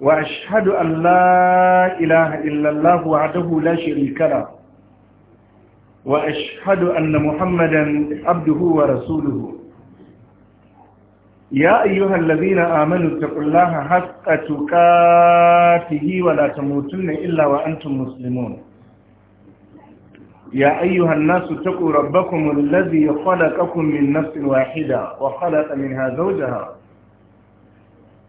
وأشهد أن لا إله إلا الله وعده لا شريك له وأشهد أن محمدا عبده ورسوله يا أيها الذين آمنوا اتقوا الله حق تقاته ولا تموتن إلا وأنتم مسلمون يا أيها الناس اتقوا ربكم الذي خلقكم من نفس واحدة وخلق منها زوجها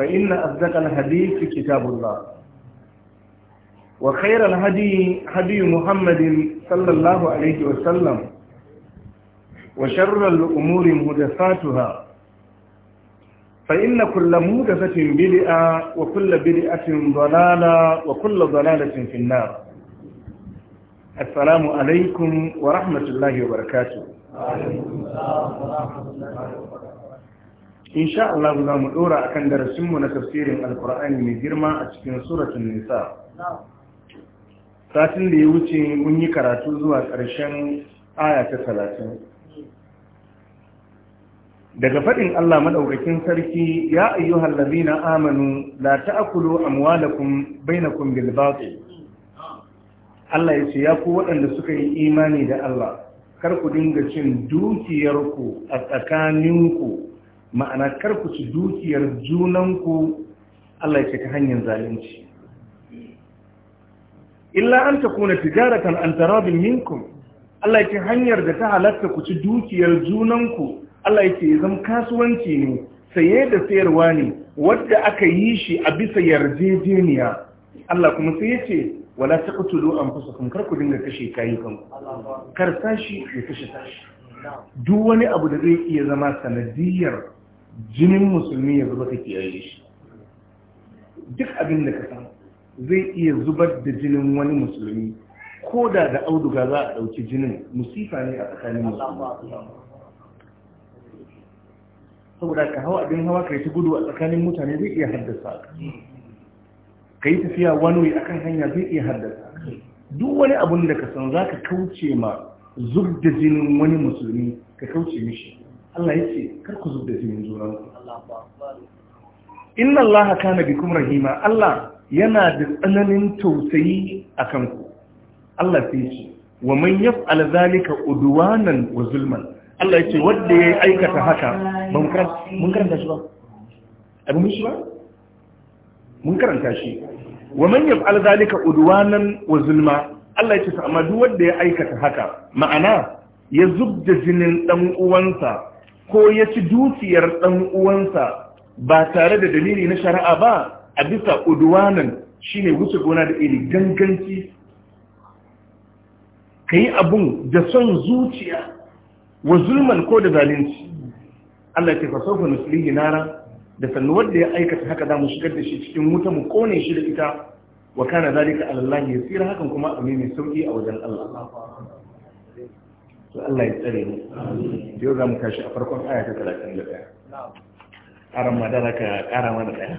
فإن أصدق الحديث كتاب الله وخير الهدي هدي محمد صلى الله عليه وسلم وشر الأمور مهدفاتها فإن كل مهدفة بدئة وكل بدئة ضلالة وكل ضلالة في النار السلام عليكم ورحمة الله وبركاته وعليكم السلام ورحمة الله وبركاته insha Allah za mu dora akan darasinmu na tafsirin alkur'ani mai girma a cikin suratun nisa satin da ya wuce mun yi karatu zuwa ƙarshen aya ta talatin daga faɗin Allah maɗaukakin sarki ya ayyuhal ladina amanu la ta'kulu amwalakum bainakum bil batil Allah ya ce ya ku waɗanda suka yi imani da Allah kar ku dinga cin dukiyarku a tsakaninku ma'ana karku ci dukiyar junanku Allah ya ce ta hanyar zalunci illa an takuna tijaratan an tarabin minkum Allah ya hanyar da ta halatta ku ci dukiyar junanku Allah ya ce zam kasuwanci ne saye da sayarwa ne wadda aka yi shi a bisa yarjejeniya Allah kuma sai ya ce wala an fasa kar ku dinga kashe ku. kar sashi ya kashe sashi duk wani abu da zai iya zama sanadiyar jinin musulmi ya zuba take yayi shi duk abin da ka san zai iya zubar da jinin wani musulmi ko da da auduga za a ɗauki jinin musifa ne a tsakanin musulmi saboda ka hawa abin hawa ka yi ta gudu a tsakanin mutane zai iya haddasa ka yi tafiya wani akan hanya zai iya haddasa duk wani abin da ka san za ka kauce ma zub jinin wani musulmi ka kauce mishi Allah ya ce kar ku zub da jinin junan ku inna Allah kana bikum rahima Allah yana da tsananin tausayi a kanku Allah sai ce wa man yaf'al zalika udwanan wa zulman Allah ya ce wadda ya aikata haka ban mun karanta shi ba abu mun shi ba mun karanta shi wa man yaf'al zalika udwanan wa zulma Allah ya ce amma duk wanda ya aikata haka ma'ana ya zubda jinin ɗan uwansa ko ya ci dukiyar ɗan uwansa ba tare da dalili na shari'a ba a bisa udwanan shine wuce gona da iri ganganci ka yi abun da son zuciya wa zulman ko da zalunci Allah ke fasofa nuslihi nara da sannu wanda ya aikata haka za mu shigar da shi cikin wuta mu kone shi da ita wa kana zalika ya yasira hakan kuma abu ne mai sauki a wajen Allah الله Allah ya tsare mu yau za نعم ارم a farkon aya ta 31 ƙara ma dara ka ƙara mana ɗaya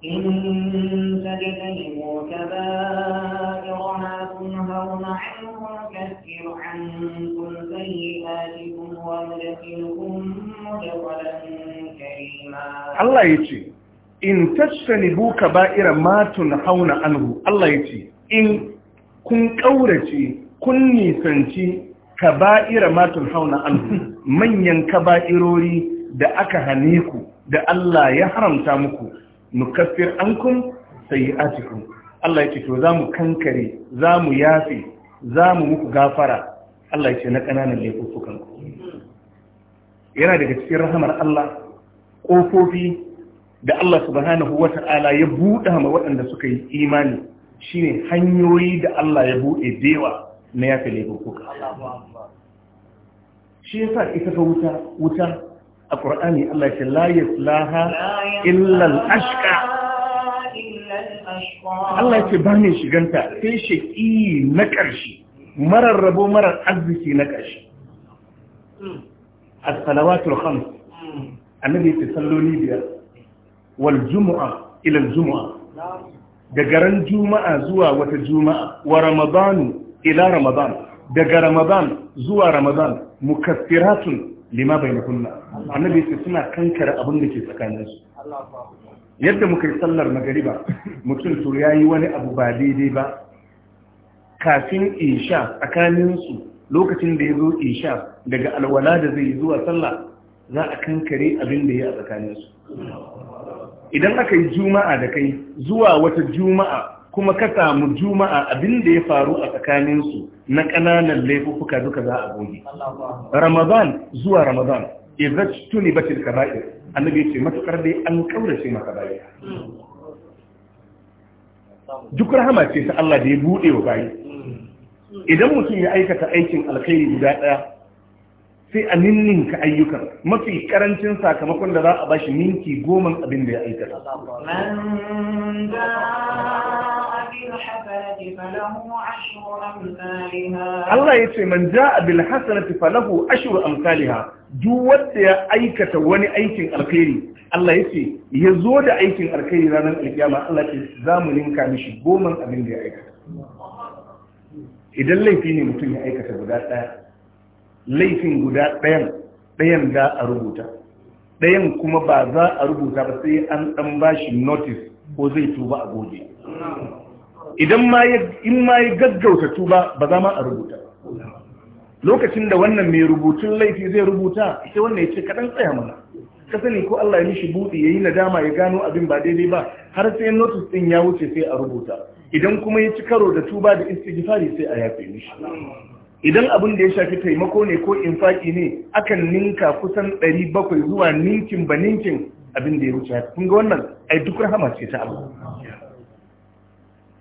إن تجتنبوا كبائر ما تنهون عنه نكفر عنكم سيئاتكم وندخلكم مدخلا كريما الله يجزيك in buka kaba'ira matun hauna anhu Allah yace in kun ƙaurace kun nisanci kaba'ira matun hauna anhu manyan kaba'irori da aka hane ku da Allah ya haramta muku nukaffir ankum sayi'atikum Allah yace to zamu kankare zamu yafe zamu muku gafara Allah yace na ƙananan laifukan ku yana daga cikin rahamar Allah kofofi da Allah subhanahu wa ta'ala ya buɗa ma waɗanda suka yi imani shine hanyoyi da Allah ya buɗe dewa na yafe laifuka shi yasa ita ta wuta wuta a ƙur'ani Allah ce la ya illa al ashka. Allah ce ba ne shiganta sai na ƙarshe marar rabo marar arziki na ƙarshe A salawatul khams annabi ta salloli biyar wal jumu'a ila al daga ran juma'a zuwa wata juma'a wa ramadanu ila ramadan daga ramadan zuwa ramadan mukaffiratun lima bainakunna annabi sai suna kankare abin da ke tsakanin su yadda muka yi sallar magariba mutum to yayi wani abu ba daidai ba kafin isha tsakanin su lokacin da ya zo isha daga alwala da zai zuwa sallah za a kankare abin da ya a tsakanin su idan aka yi juma'a da kai zuwa wata juma'a kuma ka samu juma'a abin da ya faru a tsakaninsu na ƙananan laifuka duka za a goge ramadan zuwa ramadan idza tuni bacin kaba'ir annabi ce matukar dai an kaurace maka bayi duk rahama ce ta Allah da ya buɗe wa bayi idan mutum ya aikata aikin alkhairi guda ɗaya. sai a ninninka ayyukan mafi karancin sakamakon da za a bashi ninki goman abin da ya aikata Allah ya ce man ja'a bil hasanati falahu ashiru amsaliha, duk wanda ya aikata wani aikin alkhairi Allah ya ce ya zo da aikin alkhairi ranar alkiyama Allah ce za mu ninka mishi goman abin da ya aikata idan laifi ne mutum ya aikata guda ɗaya laifin guda ɗayan ɗayan za a rubuta ɗayan kuma ba za a rubuta ba sai an ɗan bashi notice ko zai tuba a goge idan ma in ma ya gaggauta tuba ba za ma a rubuta lokacin da wannan mai rubutun laifi zai rubuta sai wannan ya ce kaɗan tsaya mana ka sani ko Allah ya mishi buɗe ya yi nadama ya gano abin ba daidai ba har sai notice ɗin ya wuce sai a rubuta idan kuma ya ci karo da tuba da istighfari sai a yafe mishi idan abin da ya shafi taimako ne ko in infaki ne akan ninka kusan 700 zuwa ninkin ba ninkin abin da ya wuce haka. kun ga wannan ai duk rahama ce ta Allah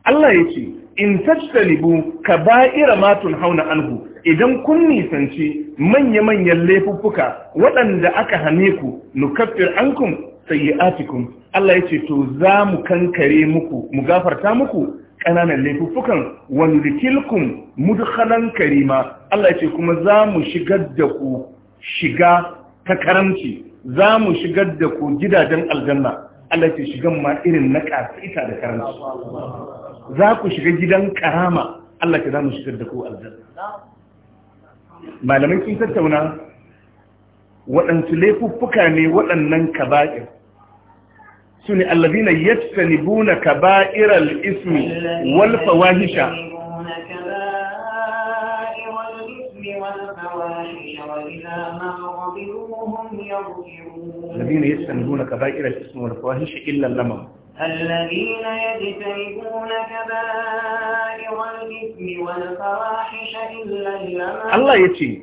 Allah ya ce in tajtalibu kaba'ira ma hauna anhu idan kun nisanci manya-manyan laifuffuka waɗanda aka hane ku nukaffir ankum sayyi'atikum Allah ya ce to za mu kankare muku mu gafarta muku ƙananan laifukan wanzikilkum mudkhalan karima Allah ce kuma za mu shigar da ku shiga ta karamci za mu shigar da ku gidajen aljanna Allah ce shigan ma irin na ƙasa da karamci za ku shiga gidan karama Allah ce za mu shigar da ku aljanna malamai sun tattauna waɗansu laifuffuka ne waɗannan kaba'ir su ne allazina yajtanibuna kaba'iral ismi wal fawahisha الذين يجتنبون كبائر الاسم والفواحش الا اللمم الذين ismi, كبائر الاثم والفواحش الا Allah الله يتي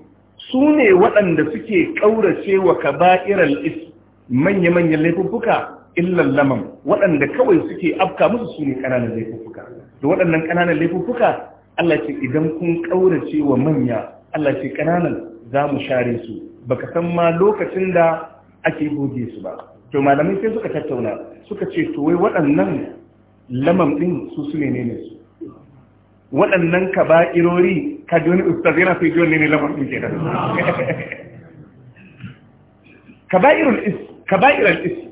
sune waɗanda suke ƙaurace wa kaba'iral is manya-manyan laifuffuka illan laman waɗanda kawai suke afka musu su ne ƙananan laifuffuka da waɗannan ƙananan laifuffuka Allah ce idan kun ƙaurace wa manya Allah ce ƙananan za mu share su baka san ma lokacin da ake goge su ba to malamai sai suka tattauna suka ce to wai waɗannan lamam ɗin su su ne ne su waɗannan ka ba irori ka ji wani ustaz yana sai ji ne ne lamam ɗin ke da kaba'irul is kaba'irul is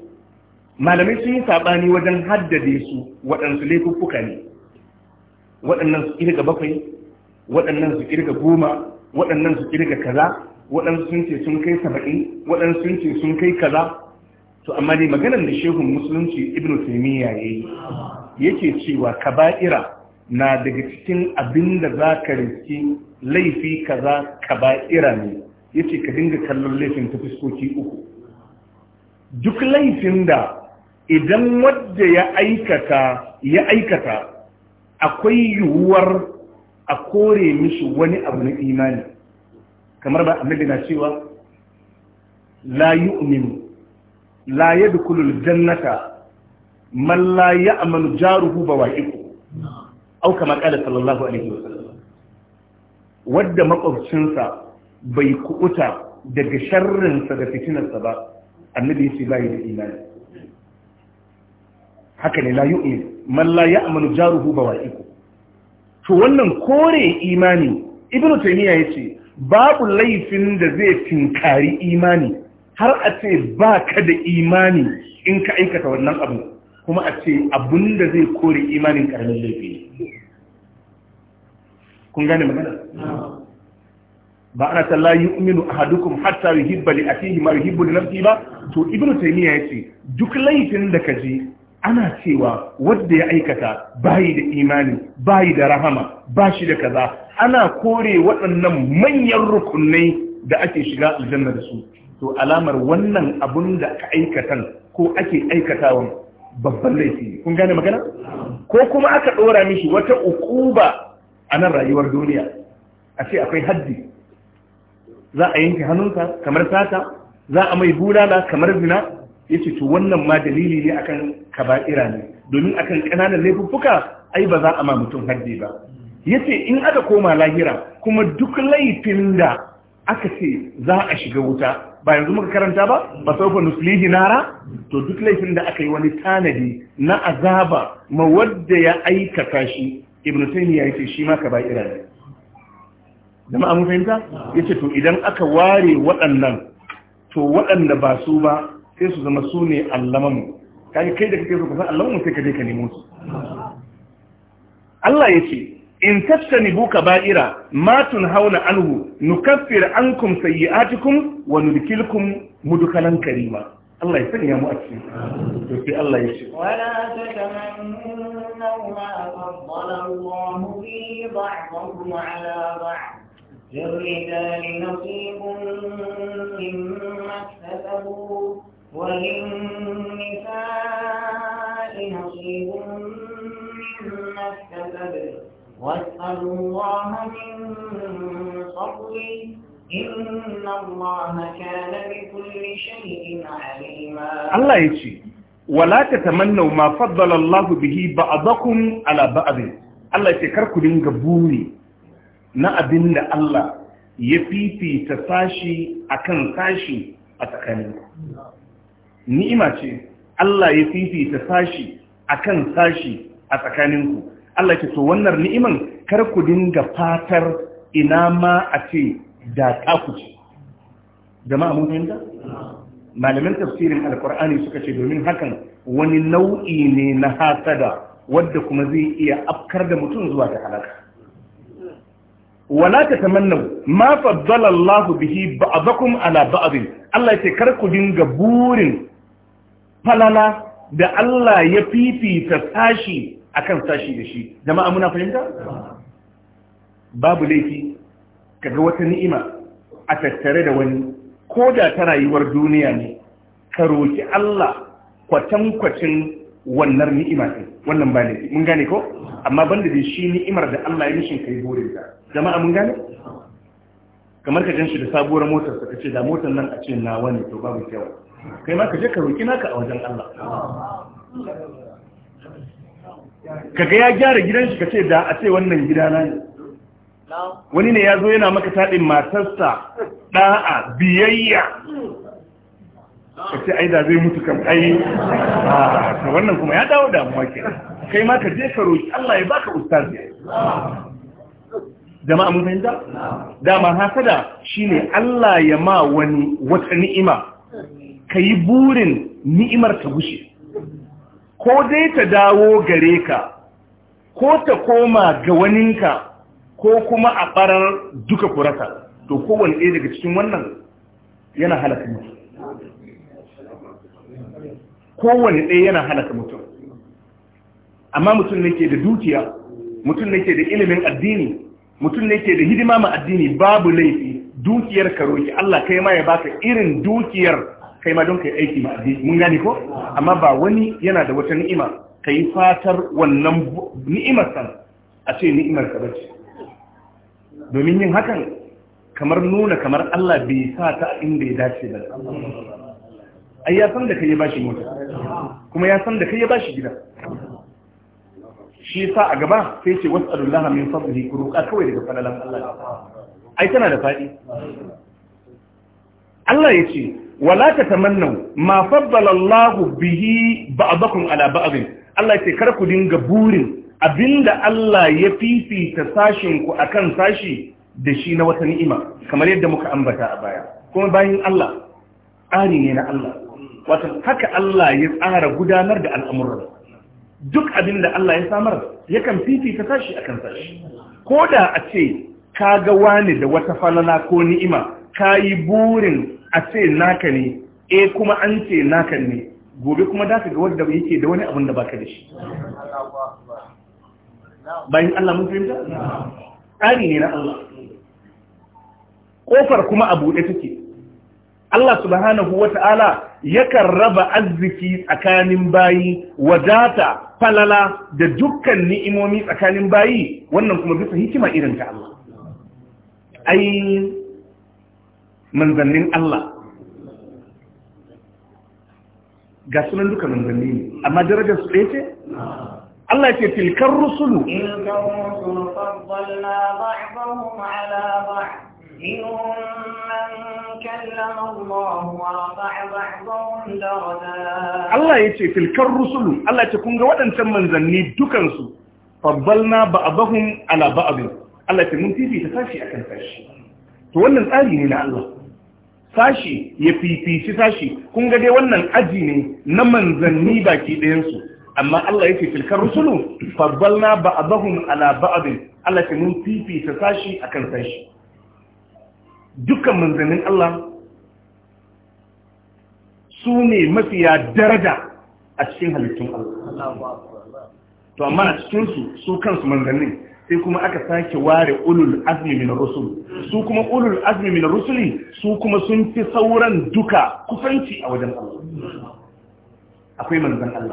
malamai sun yi saɓani wajen haddade su waɗansu laifuffuka ne waɗannan su ƙirga bakwai waɗannan su ƙirga goma waɗannan su ƙirga kaza waɗansu sun ce sun kai saba'in waɗansu sun ce sun kai kaza to amma dai maganar da shehun musulunci ibn taimiyya ya yi yake cewa kaba'ira na daga cikin abin da za ka riski laifi kaza kaba'ira ne yace ka dinga kallon laifin ta fuskoki uku duk laifin da idan wadda ya aikata ya aikata akwai yiwuwar a kore mishi wani abu na imani kamar ba a na cewa la yu'minu la yadkhulul jannata malla ya amanu jaruhu ba bawa'iqu aw kama qala sallallahu alaihi wasallam wadda makwabcinsa bai kuɓuta daga sharrinsa da fitinarsa ba annabi ya ba ya da imani haka ne la yu'min man la ya'malu jaruhu bawa'iku to wannan kore imani ibnu taymiya yace babu laifin da zai tinkari imani har a ce baka da imani in ka aikata wannan abu kuma a ce abinda zai kore imanin karamin laifi ne. kun gane magana ba ana ta la yu'minu ahadukum hatta yuhibba li akhihi ma yuhibbu li nafsihi ba to ibnu taymiya yace duk laifin da kaji ana cewa wadda ya aikata bayi da imani bayi da rahama bashi da kaza ana kore waɗannan manyan rukunai da ake shiga aljanna da su to alamar wannan abun da ka aikatan ko ake aikatawan babban laifi kun gane magana ko kuma aka ɗora mishi wata ukuba a nan rayuwar duniya a ce akwai haddi za a yanke hannunka kamar sata za a mai bulala kamar zina yace to wannan ma dalili ne akan kaba'ira ne domin akan kananan laifuffuka ai ba za a ma mutum haddi ba yace in aka koma lahira kuma duk laifin da aka ce za a shiga wuta ba yanzu muka karanta ba ba saufa nuslihi nara to duk laifin da aka yi wani tanadi na azaba ma wadda ya aikata shi ibnu taymiya yace shi ma kaba'ira ne jama'a mun fahimta yace to idan aka ware waɗannan to waɗanda ba su ba sai su zama su ne allamamu kai kai da kake so ka san allamamu sai ka je ka nemo su Allah ya ce in tattanibu kaba'ira ma tunhauna anhu nukaffir ankum sayyi'atikum wa nudkilkum mudkhalan karima Allah ya sanya mu a cikin to sai Allah ya ce wala tatamannu ma faddala Allahu bi ba'dikum ala ba'd للرجال نصيب مما اكتسبوا Allah ya ce, Wala ta tamannau ma faddalallahu bihi ba'adakun ala ba'adin. Allah ya ce, Karkudin ga buri na abin da Allah ya fifita sashi akan kan sashi a tsakaninku. ni'ima ce Allah ya fifita sashi akan sashi a tsakaninku Allah ke so wannan ni'iman kar ku dinga fatar ina ma a ce da taku ce jama'a mun fahimta malamin tafsirin alkur'ani suka ce domin hakan wani nau'i ne na hasada wadda kuma zai iya afkar da mutum zuwa ta halaka wala ta tamannu ma faddala Allah bihi ba'dakum ala ba'd Allah ce kar ku dinga burin falala da Allah ya fifita sashi akan sashi da shi jama'a muna fahimta babu laifi kaga wata ni'ima a tattare da wani ko da ta rayuwar duniya ne ka roki Allah kwatankwacin wannan ni'ima ne wannan ba laifi mun gane ko amma banda da shi ni'imar da Allah ya mishin kai burin ta jama'a mun gane kamar ka jan shi da sabuwar motar ka ce da motar nan a ce nawa ne to babu kyau. kai ma ka je ka roƙi naka a wajen Allah ga ya gyara gidan shi ka ce da a ce wannan gidana ne wani ne ya zo yana maka taɗin matarsa ɗa'a biyayya ka ce ai da zai mutu kam ai a ah, wannan kuma ya dawo amma ke kai ma ka je ka roƙi Allah ya baka ustazi jama'a mun fahimta dama hasada shine Allah ya ma wani wata ni'ima ka yi burin ni'imar ta gushe ko dai ta dawo gare ka ko ta koma ga waninka ko kuma a ɓarar duka kurasa to kowane ɗaya daga cikin wannan yana halaka mutum kowane ɗaya yana halaka mutum amma mutum ne ke da dukiya mutum ne ke da ilimin addini mutum ne ke da hidima ma addini babu laifi dukiyar ka roki Allah kai ma ya baka irin dukiyar kai ma don kai aiki ma addini mun gane ko amma ba wani yana da wata ni'ima ka yi fatar wannan ni'imar sa a ce ni'imar ka bace domin yin hakan kamar nuna kamar Allah bai sa ta inda ya dace ba ai ya san da kai ya bashi mota kuma ya san da kai ya bashi gida shi sa a gaba sai ce wasu min fadlihi ku roƙa kawai daga fadalan Allah ai tana da faɗi Allah ya ce wala ta tamannu ma faddala Allah bihi ba'dakum ala ba'd Allah ya ce kar ku dinga burin abinda Allah ya fifita sashin ku akan sashi da shi na wata ni'ima kamar yadda muka ambata a baya kuma bayan Allah ari ne na Allah wato haka Allah ya tsara gudanar da al'amuran duk abin da Allah ya samar yakan fifita sashi akan sashi ko da a ce ka ga wani da wata falala ko ni'ima ka yi burin a ce naka ne E kuma an ce naka ne gobe kuma da ka ga wanda yake da wani abin da baka da shi bayan Allah mun fahimta tsari ne na Allah kofar kuma a buɗe take Allah subhanahu wata'ala yakan raba arziki tsakanin bayi wadata falala da dukkan ni'imomi tsakanin bayi wannan kuma bisa hikima irin ta Allah ai manzannin Allah ga sunan duka manzanni ne amma darajar su ɗaya ce Allah ce filkar rusulu Allah ya ce filkar rusulu Allah ce kunga waɗancan manzanni dukansu fabbalna bahun ala ba'abin Allah ce mun ta fifita a kan sashi to wannan tsari ne na Allah sashi ya fifici sashi kun ga dai wannan aji ne na manzanni baki ɗayansu amma Allah ya ce tilkar rusulu a bahun ala ba'd Allah ya mun fifita sashi akan sashi dukkan manzannin Allah su ne mafiya daraja a cikin halittun Allah to amma a cikinsu su su kansu manzannin sai kuma aka sake ware ulul azmi min rusul su kuma ulul azmi min rusuli su kuma sun fi sauran duka kusanci a wajen Allah akwai manzon Allah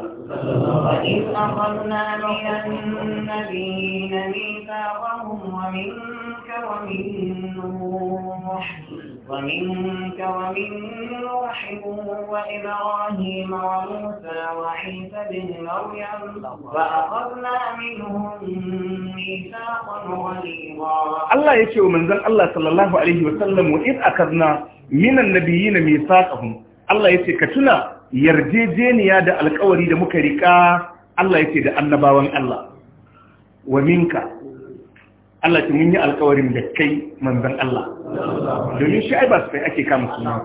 in ومنك ومن نوح وإبراهيم وموسى وعيسى بن مريم وأخذنا منهم ميثاقا غليظا الله يشيء من ذن الله صلى الله عليه وسلم وإذ أخذنا من النبيين ميثاقهم Allah ya ce ka tuna yarjejeniya da alkawari da muka rika Allah ya ce da annabawan Allah wa minka Allah ce mun yi alkawarin da kai manzan Allah domin shi ai ba su kai ake kama suna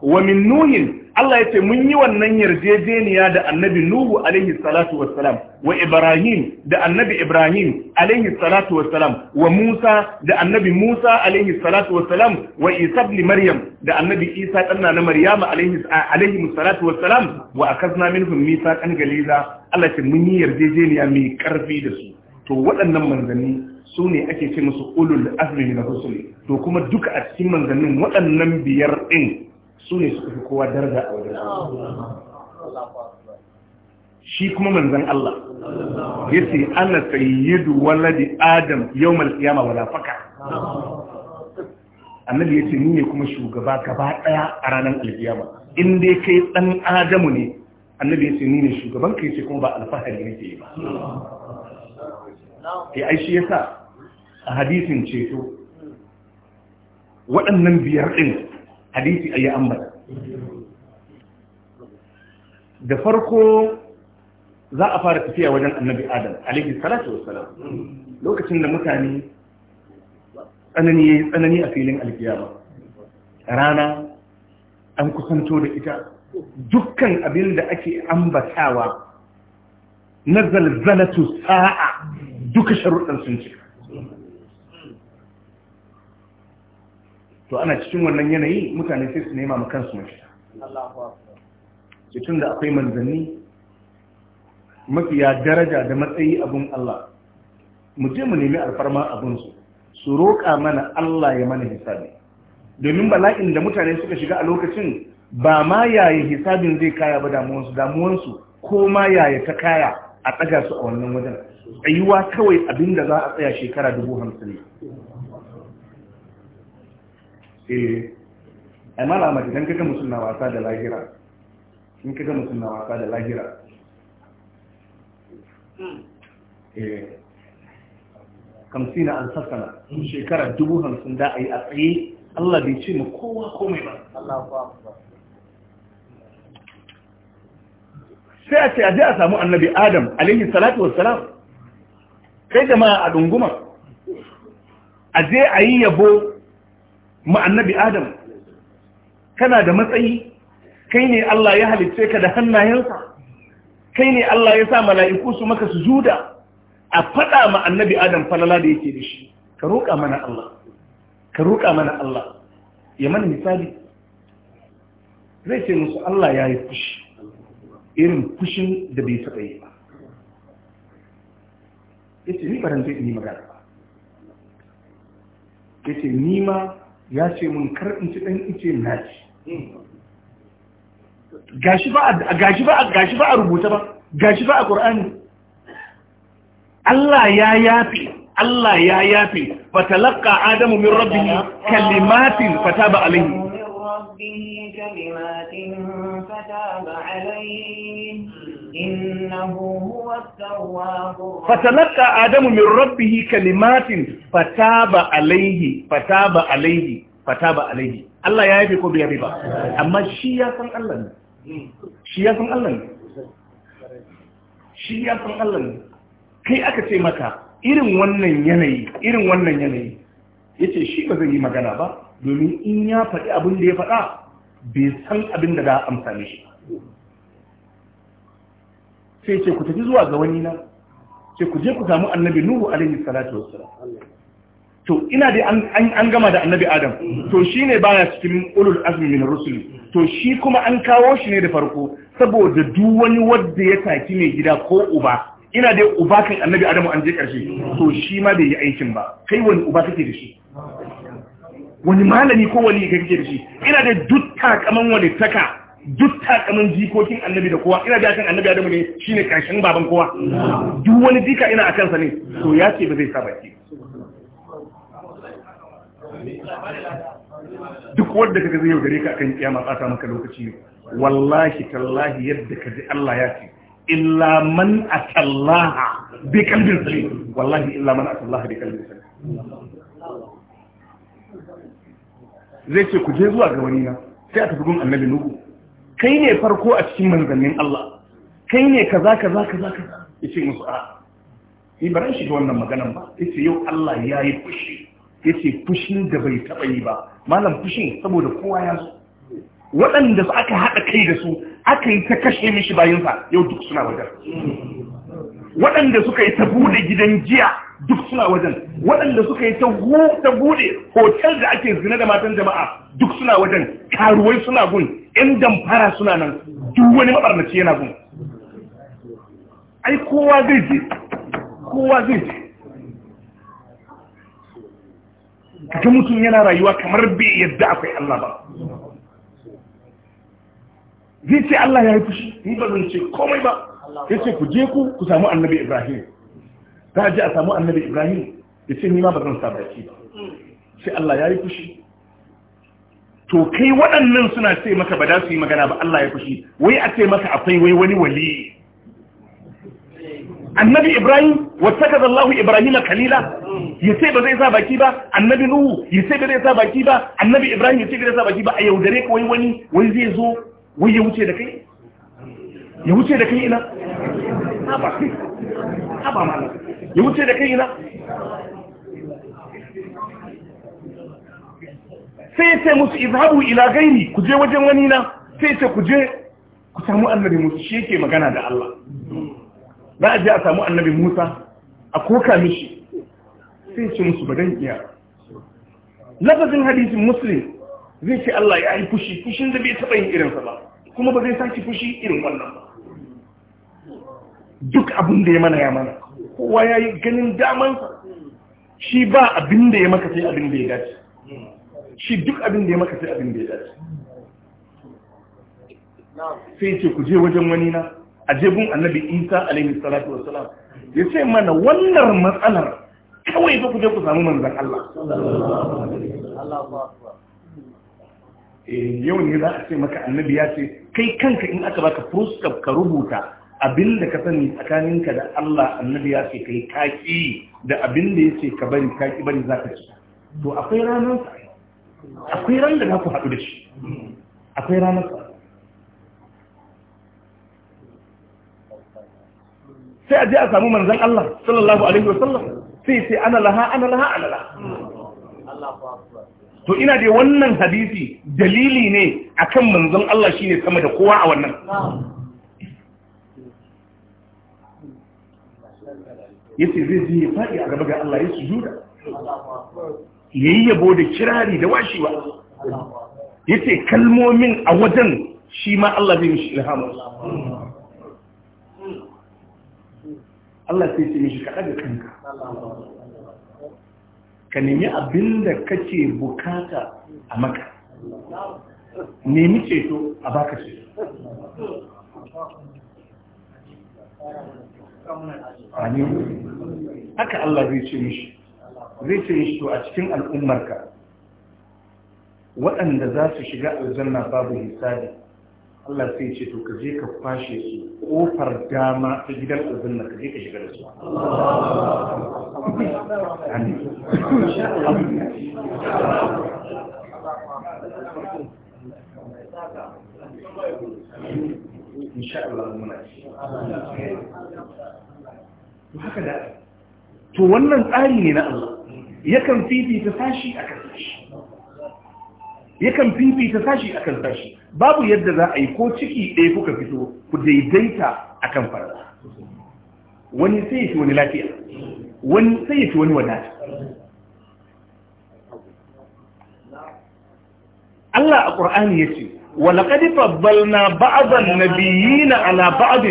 wa min nuhin Allah ya ce mun yi wannan yarjejeniya da annabi nuhu alaihi salatu wassalam wa ibrahim da annabi ibrahim alaihi salatu wassalam wa musa da annabi musa alaihi salatu wassalam wa isa ibn maryam da annabi isa danna na maryama alaihi alaihi salatu wassalam wa akazna minhum mithaqan galiza Allah ya ce mun yi yarjejeniya mai karfi da su to waɗannan manzanni su ne ake ce musu ulul azmi na rusuli to kuma duka a cikin manzannin waɗannan biyar ɗin su ne suka fi kowa daraja a wajen shi kuma manzan Allah ya ce ana sayyidu waladi adam yau ma wala faka annabi ya ce ni ne kuma shugaba gaba ɗaya a ranar alkiyama in dai kai ɗan adamu ne annabi ya ce ni ne shugaban kai ce kuma ba alfahari nake yi ba ya ai shi yasa a hadisin ceto waɗannan biyar ɗin hadisi a yi ambata da farko za a fara tafiya wajen annabi adam alaihi salatu wassalam lokacin da mutane tsanani ya yi tsanani a filin alkiyama rana an kusanto da ita dukkan abin da ake ambatawa na zalzalatu sa'a duka sharuɗan sun cika to ana cikin wannan yanayi mutane sai su nema makansu mafita cikin da akwai manzanni mafiya daraja da matsayi abun Allah mu mu nemi alfarma abinsu su roƙa mana Allah ya mana hisabi domin bala'in da mutane suka shiga a lokacin ba ma yaya hisabin zai kaya ba damuwansu damuwansu ko ma yaya ta kaya a tsaga su a wannan wajen tsayuwa kawai abin da za a tsaya shekara dubu hamsin eh a mace don kaga mutum na wasa da lahira in kaga mutum na wasa da lahira eh, kamsi na an sassana shekara dubu hamsin da a yi a tsaye Allah bai ce ma kowa komai ba Allah ba sai a ce a je a samu annabi adam alaihi salatu wassalam kai jama'a a dunguma a je a yi yabo ma annabi adam kana da matsayi kai ne Allah ya halicce ka da hannayensa kai ne Allah ya sa mala'iku su maka su juda a faɗa ma annabi adam falala da yake da shi ka roƙa mana Allah ka roƙa mana Allah ya mana misali zai ce musu Allah ya yi fushi irin kushin da bai taɓa yi ba ya ce ni faranta ni magana ba ya ce ni ma ya ce mun kar in ci ɗan ice na ci gashi ba a gashi ba a rubuta ba gashi ba a ƙur'ani Allah ya yafi Allah ya yafi fatalaka adamu min rabbihi kalimatin fataba alaihi ربه كلمات فتاب عليه إنه هو التواب فتلقى آدم من ربه كلمات فتاب عليه فتاب عليه فتاب عليه Allah ya yabe ko bai yabe ba amma shi ya san Allah ne shi ya san Allah ne shi ya san Allah ne kai aka ce maka irin wannan yanayi irin wannan yanayi ya ce shi ba zai yi magana ba domin in ya faɗi abin da ya faɗa bai san abin da za a amsa mishi sai ce ku tafi zuwa ga wani na ce ku je ku samu annabi nuhu alayhi salatu wassalam to ina dai an gama da annabi adam to shine baya cikin ulul azmi min rusul to shi kuma an kawo shi ne da farko saboda duk wani wanda ya taki mai gida ko uba ina dai uba kan annabi adam an je karshe to shi ma bai yi aikin ba kai wani uba kake da shi wani malami ko wani kake da shi ina da duk kaman wani taka duk takaman jikokin annabi da kowa ina da kan annabi adamu ne shine kashin baban kowa duk wani dika ina akan sa ne to ya ce ba zai sa baki duk wanda kaga zai yaudare ka akan kiyama tsata maka lokaci ne wallahi tallahi yadda ka ji Allah ya ce illa man atallaha bi qalbin salim wallahi illa man atallaha bi qalbin salim zai ce ku je zuwa ga wani na sai a tafi gun annabi nuhu kai ne farko a cikin manzannin Allah kai ne kaza kaza kaza kaza yace musu a ni ba ran shiga wannan maganan ba yace yau Allah ya yi fushi yace fushin da bai taba yi ba malam fushin saboda kowa ya so waɗanda su aka haɗa kai da su aka yi ta kashe mishi bayansa yau duk suna wajen waɗanda suka yi ta bude gidan jiya duk suna wajen waɗanda suka yi ta buɗe hotel da ake zina da matan jama'a duk suna wajen karuwai suna gun ƴan damfara suna nan duk wani mabarnaci yana gun ai kowa zai je kowa zai je kaga mutum yana rayuwa kamar bai yadda akwai Allah ba zai ce Allah ya yi fushi ni ba zan ce komai ba ya ce ku je ku ku samu annabi Ibrahim za a ji a samu annabi ibrahim ya ce ni ma ba zan sa baki ba sai Allah ya yi fushi to kai waɗannan suna ce maka ba za su yi magana ba Allah ya fushi wai a ce maka akwai wai wani wali annabi ibrahim wata kaza Allah ibrahim kalila ya ce ba zai sa baki ba annabi nuhu ya ce ba zai sa baki ba annabi ibrahim ya ce ba zai sa baki ba a yaudare ka wai wani wai zai zo wai ya wuce da kai ya wuce da kai ina ba haba ba malam ya wuce da kai na sai ce musu izhabu ila gairi ku je wajen wani na sai ce ku je ku samu annabi musu shi yake magana da Allah za a je a samu annabi Musa a koka mishi sai ce musu ba dan iya lafazin hadisin muslim zai ce Allah ya yi fushi fushin da bai taɓa yin irinsa ba kuma ba zai sake fushi irin wannan ba duk abin da ya mana ya mana kowa ya yi ganin damansa shi ba abin da ya maka sai abin da ya dace shi duk abin da ya maka sai abin da ya dace sai ce ku je wajen wani na a jebin annabi isa alaihi salatu wasalam ya ce mana wannan matsalar kawai ba ku je ku samu manzan Allah eh, yau ne za a ce maka annabi ya ce kai kanka in aka baka fuskar ka rubuta abin da ka sani tsakaninka da Allah annabi ya ce kai kaki da abin da ya ce ka bari kaki bari za ka ci to akwai ranar akwai ran da za ku haɗu da shi akwai ranar sai a je a samu manzan Allah sallallahu alaihi wasallam sai sai ana laha ana laha ana laha to ina dai wannan hadisi dalili ne akan manzon Allah shine sama da kowa a wannan yace zai ji ya faɗi a gaba ga Allah ya sujuda yayi yabo da kirari da washewa yace kalmomin a wajen shi ma Allah zai mishi ilhamu Allah sai ya mishi kaɗa da kanka ka nemi abin da kake bukata a maka nemi ceto a baka ceto amin haka Allah zai ce mishi zai ce mishi to a cikin al'ummarka waɗanda za su shiga aljanna babu hisabi Allah sai ce to ka je ka kwashe su kofar dama ta gidan aljanna ka je ka shiga da su amin insha Allah muna to haka da to wannan tsari ne na Allah yakan fifita sashi akan sashi yakan fifita sashi akan sashi babu yadda za a yi ko ciki ɗaya kuka fito ku daidaita akan fara. wani sai ya wani lafiya wani sai ya wani wadata Allah a ƙur'ani ya ce ولقد فضلنا بعض النبيين على بعض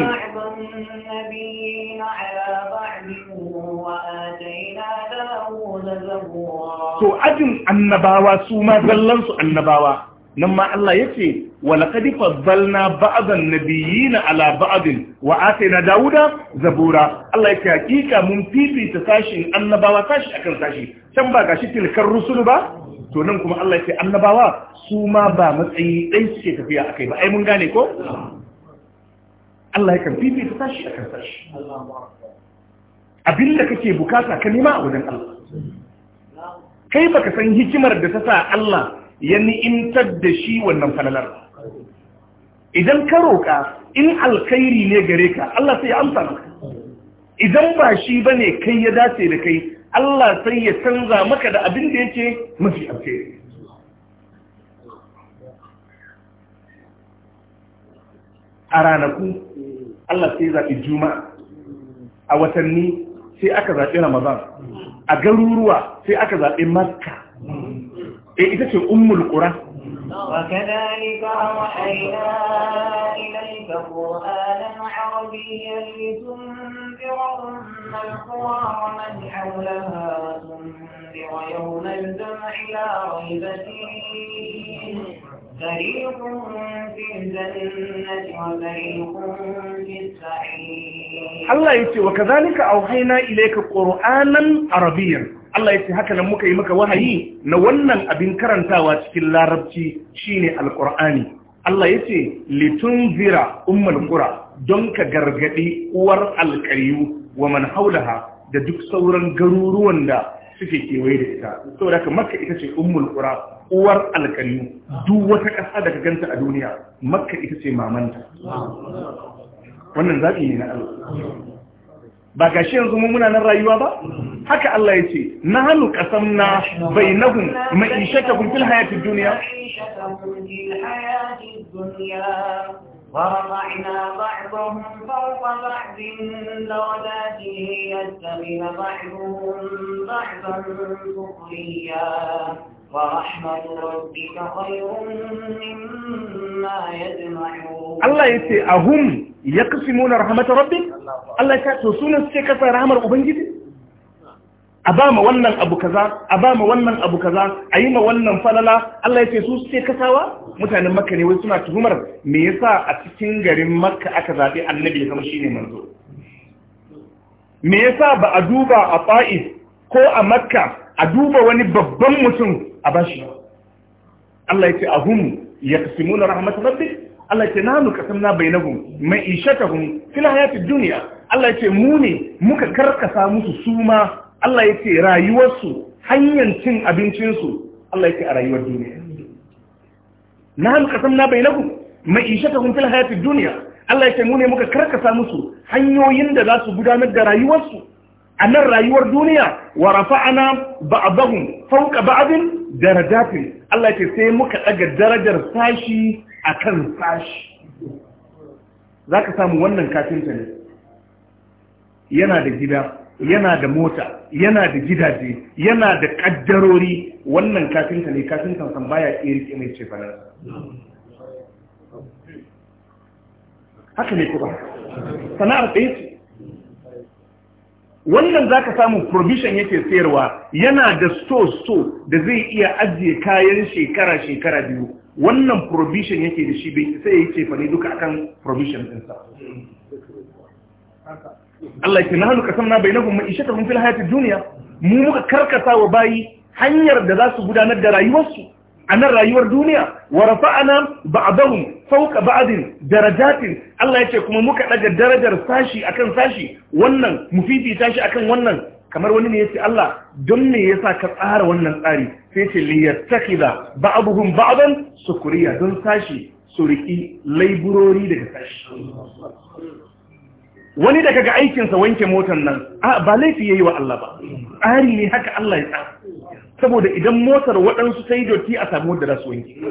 to ajin annabawa su ma zallan su annabawa nan ma Allah yace wa laqad faddalna ba'dhan nabiyina ala ba'din wa atayna dawuda zabura Allah yace hakika mun fifita sashin annabawa sashi akan sashi can ba gashi tilkar rusulu ba to nan kuma Allah ce annabawa su ma ba matsayi ɗai suke tafiya a kai ba ai mun gane ko Allah ya kan fifita tashi a kan tashi da kake bukata ka nema a wajen Allah kai baka san hikimar da ta sa Allah ya ni'intar da shi wannan falalar idan ka roƙa in alkhairi ne gare ka Allah sai ya amsa maka idan ba shi bane kai ya dace da kai Allah sai ya canza maka da abin da yake mafi alheri a ranaku Allah sai zaɓi Juma. a watanni sai aka zaɓi ramadan a garuruwa sai aka zaɓi makka e ita ce umul وكذلك أوحينا إليك قرآنا عربيا لتنذر أم القرى ومن حولها وتنذر يوم الجمع لا ريب فيه فريق في الجنة وفريق في السعير الله يقول وكذلك أوحينا إليك قرآنا عربيا Allah ya ce haka nan muka yi maka wahayi na wannan abin karantawa cikin larabci shine alqur'ani Allah ya ce litunzira ummul qura don ka gargadi uwar alqayu wa man haulaha da duk sauran garuruwan da suke kewaye da ita saboda haka makka ita ce ummul qura uwar alqayu duk wata ƙasa da ka ganta a duniya makka ita ce mamanta wannan zabi ne na Allah ba ga shi yanzu mu muna nan rayuwa ba haka Allah ya ce na hannu kasam na bainahum ma'ishatakum fil hayatid dunya ورفعنا بعضهم فوق بعض درجات ليتخذ بعضهم بعضا سخريا Allah ya ce a hum ya kasu muna rahamata rabbi? Allah ya to sunan suke kasa rahamar Ubangiji? A ba ma wannan abu kaza, a ba ma wannan abu kaza, a yi ma wannan falala, Allah ya ce su suke kasawa? Mutanen Makka ne wai suna tuhumar me yasa a cikin garin Makka aka zaɓi annabi ya shi ne manzo. Me yasa ba a duba a Fa'is ko a Makka a duba wani babban mutum a shi Allah ya ya ahum yaqsimuna rahmatu rabbi Allah mai isha ta hun fila ya fi duniya. Allah ce mu ne muka karkasa musu suma Allah ya ce rayuwarsu hanyar cin abincinsu Allah ya ce a rayuwar duniya Na na bai isha ta hun fila ya fi duniya. Allah ce mu ne muka karkasa musu hanyoyin da za su gudanar da rayuwarsu a nan rayuwar duniya wa rafa'ana ba'dahum fawqa ba'din darajatin Allah ke sai muka daga darajar sashi akan sashi zaka samu wannan kafinta ne yana da gida yana da mota yana da gidaje yana da kaddarori wannan kafinta ne kafintan san baya iya rike mai ce fara haka ne kuma sana'ar ɗaya ce wannan za ka samu provision yake sayarwa yana da so-so da zai iya ajiye kayan shekara-shekara biyu wannan provision yake da shi bai sai ya ce fane duka akan provision ɗinsa Allah ke na hannu kasan na bainahun mai ishe ta mun fil hayatun duniya mu muka karkata wa bayi hanyar da za su gudanar da rayuwarsu a nan rayuwar duniya wa rafa'ana ba'dahum fawqa ba'adin darajatin Allah ya ce kuma muka ɗaga darajar sashi akan sashi wannan mufiti tashi akan wannan kamar wani ne ya ce Allah don ne yasa ka tsara wannan tsari sai yace li yattakhidha ba'dhum ba'dan sukuriya don sashi suriki laiburori daga sashi wani daga ga aikinsa wanke motar nan a ba laifi yayi wa Allah ba tsari ne haka Allah ya tsara saboda idan motar waɗansu sai doki a samu wadda rasu su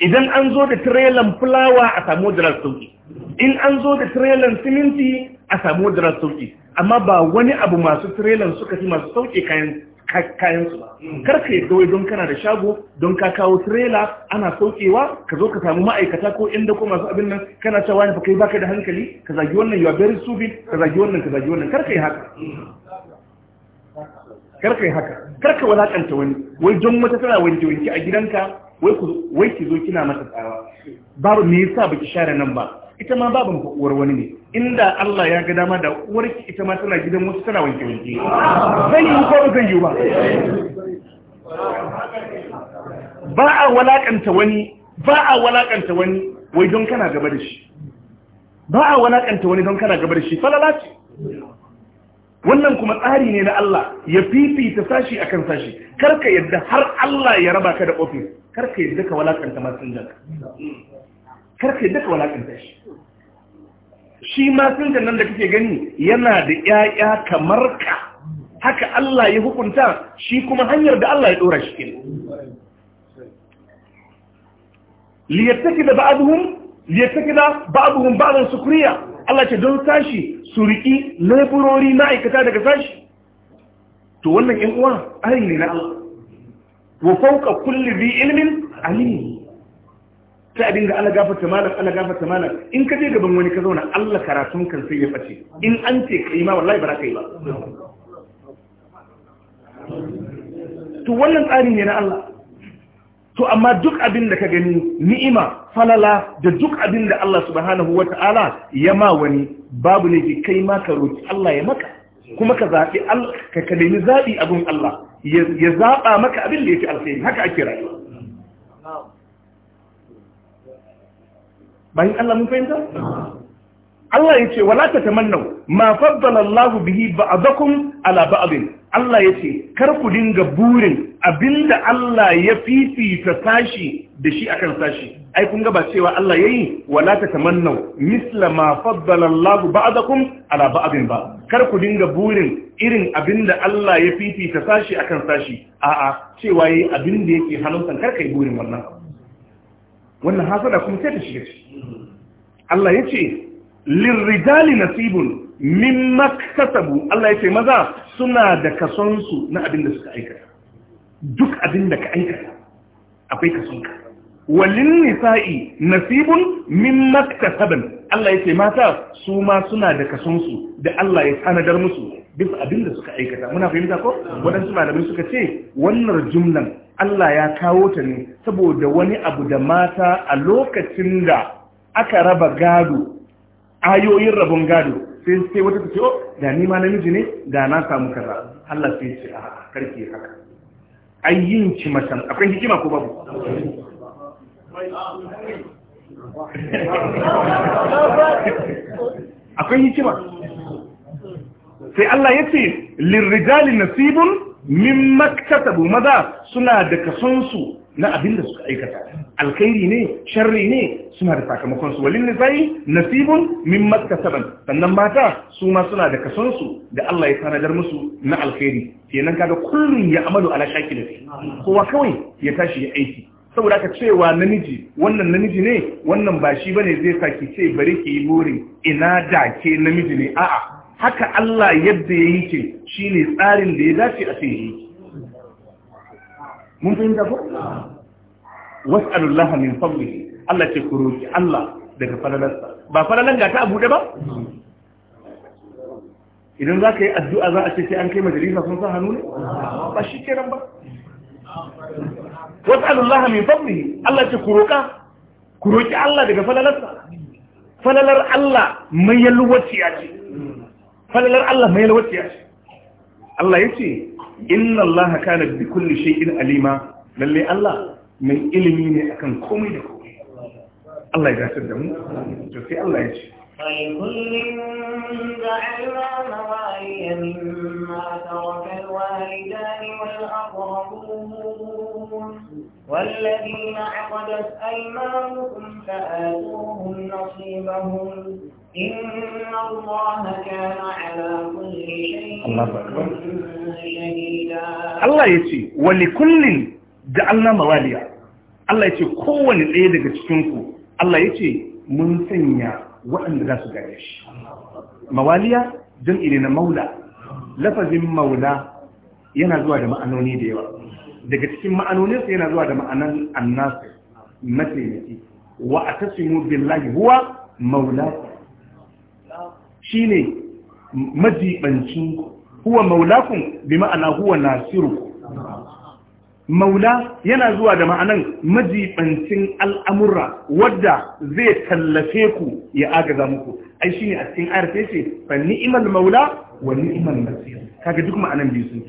idan an zo da tirelan fulawa a samu wadda rasu su sauki in an zo da tirelan siminti a samu wadda rasu su sauki amma ba wani abu masu tirelan suka fi masu sauke kayan kayansu ba karka ka yadda wai don kana da shago don ka kawo tirela ana saukewa ka zo ka samu ma'aikata ko inda ko masu abin nan kana cewa ne fa kai baka da hankali ka zagi wannan you are very stupid ka zagi wannan ka zagi wannan Karka yi haka karka yi haka karka walakanta wani wai don wata tana wanke wanke a gidanka wai ki zo kina mata tsawa babu me yasa baki share nan ba ita ma baban uwar wani ne inda Allah ya ga dama da ki ita ma tana gidan wasu tana wanke wanke zai yi ko zai yi ba ba a walakanta wani ba a walakanta wani wai don kana gaba da shi ba a wani don kana gaba da shi falala ce wannan kuma tsari ne na Allah ya fifita sashi akan sashi karka yadda har Allah ya raba ka da ofis karka yadda ka walakanta masinjan karka yadda ka walakanta shi shi masinjan nan da kake gani yana da 'ya'ya kamar ka haka Allah ya hukunta shi kuma hanyar da Allah ya dora shi kenan liyattaki da ba'dhum liyattaki da ba'dhum ba'dan sukriya Allah ce don sashi su riƙi laifurori ma'aikata daga sashi to wannan ‘yan uwa ari ne na Allah wa fauka kulli bi ilmin alimi ta abin da Allah gafarta malam Allah gafarta malam in ka je gaban wani ka zauna Allah karatun kan sai ya face in an ce ka yi ma wallahi ba yi ba to wannan tsari ne na Allah to amma duk abin da ka gani ni'ima falala da duk abin da Allah subhanahu wata'ala ya ma wani babu ne ke kai ma ka roki Allah ya maka kuma ka zaɓi ka kalemi zaɓi abin Allah ya zaɓa maka abin da yake alkhairi haka ake rayuwa bayan Allah mun fahimta Allah ya ce wala ta tamannu ma faddala Allah bihi ba'dakum ala ba'din Allah ya ce, Kar ku dinga burin abinda Allah ya fifita sashi da shi akan sashi, ai kun gaba cewa Allah ya yi wala ta tamannau, misla ma faddalallahu ba'adakum ala ba'adin ba. Kar ku dinga burin irin abinda Allah ya fifita sashi akan sashi, a'a cewa ya abin da yake san kar ka yi burin wannan. Wannan hasada kuma sai ta shiga Allah ya ce, lirrijali nasibun min maktasabu Allah ya ce maza suna da kasonsu na abin da suka aikata duk abin da ka aikata akwai kasonka walin nisa'i nasibun min maktasaban Allah ya ce mata su ma suna da kasonsu da Allah ya tanadar musu bisa abin da suka aikata muna fahimta ko waɗansu malamai suka ce wannan jumlan Allah ya kawo ta ne saboda wani abu da mata a lokacin da aka raba gado ayoyin rabon gado sai sai wata ta oh, da ni ma namiji ne da na samu kaza Allah sai ce a ah, karki haka ayyin ci macen akwai hikima ko babu akwai hikima sai Allah ya ce lirrijali nasibun min maktasabu maza suna da kasonsu na abin da suka aikata alkhairi ne sharri ne suna da sakamakon su walin nisa'i nasibun min maktasaban sannan mata su ma suna da kason da Allah ya tanadar musu na alkhairi kenan kaga kullun ya amalu ala shakilati kowa kawai ya tashi ya aiki saboda ka cewa namiji wannan namiji ne wannan ba shi bane zai saki ce bari ki yi burin ina da ke namiji ne a'a haka Allah yadda ya yi ce shine tsarin da ya dace a sai yi mun fahimta ko was'alullaha min fadlihi Allah ce ku roki Allah daga falalarsa ba falalan ga ta abuɗe ba idan za ka yi addu'a za a ce sai an kai majalisa sun sa hannu ne ba shi kenan ba Wasu was'alullaha min fadlihi Allah ce ku roka ku roki Allah daga falalarsa falalar Allah mai yalwaciya ce falalar Allah mai yalwaciya ce Allah yace inna Allah kana bi kulli shay'in alima lalle Allah mai ilimi ne akan komai da komai Allah ya gasar da mu to sai Allah ya ce فلكل جعلنا موالي مما ترك الوالدان والأقربون والذين عقدت أيمانكم فآتوهم نصيبهم إن الله كان على كل شيء شهيدا الله يسي ولكل جعلنا مواليا Allah ya ce kowane ɗaya daga cikinku Allah ya ce mun sanya waɗanda za su gare shi mawaliya jam'i ne na maula lafazin maula yana zuwa da ma'anoni da yawa daga cikin ma'anoninsa yana zuwa da ma'anan annasu mataimaki wa a tasimu billahi huwa maula shi ne majibancin huwa maulakun bi ma'ana huwa nasiru maula yana zuwa da ma'anan majibancin al'amurra wadda zai tallafe ku ya agaza muku ai shi ne a cikin ayar sai ce fa ni'mal maula wa ni'mal nasir kaga duk ma'anan biyu sun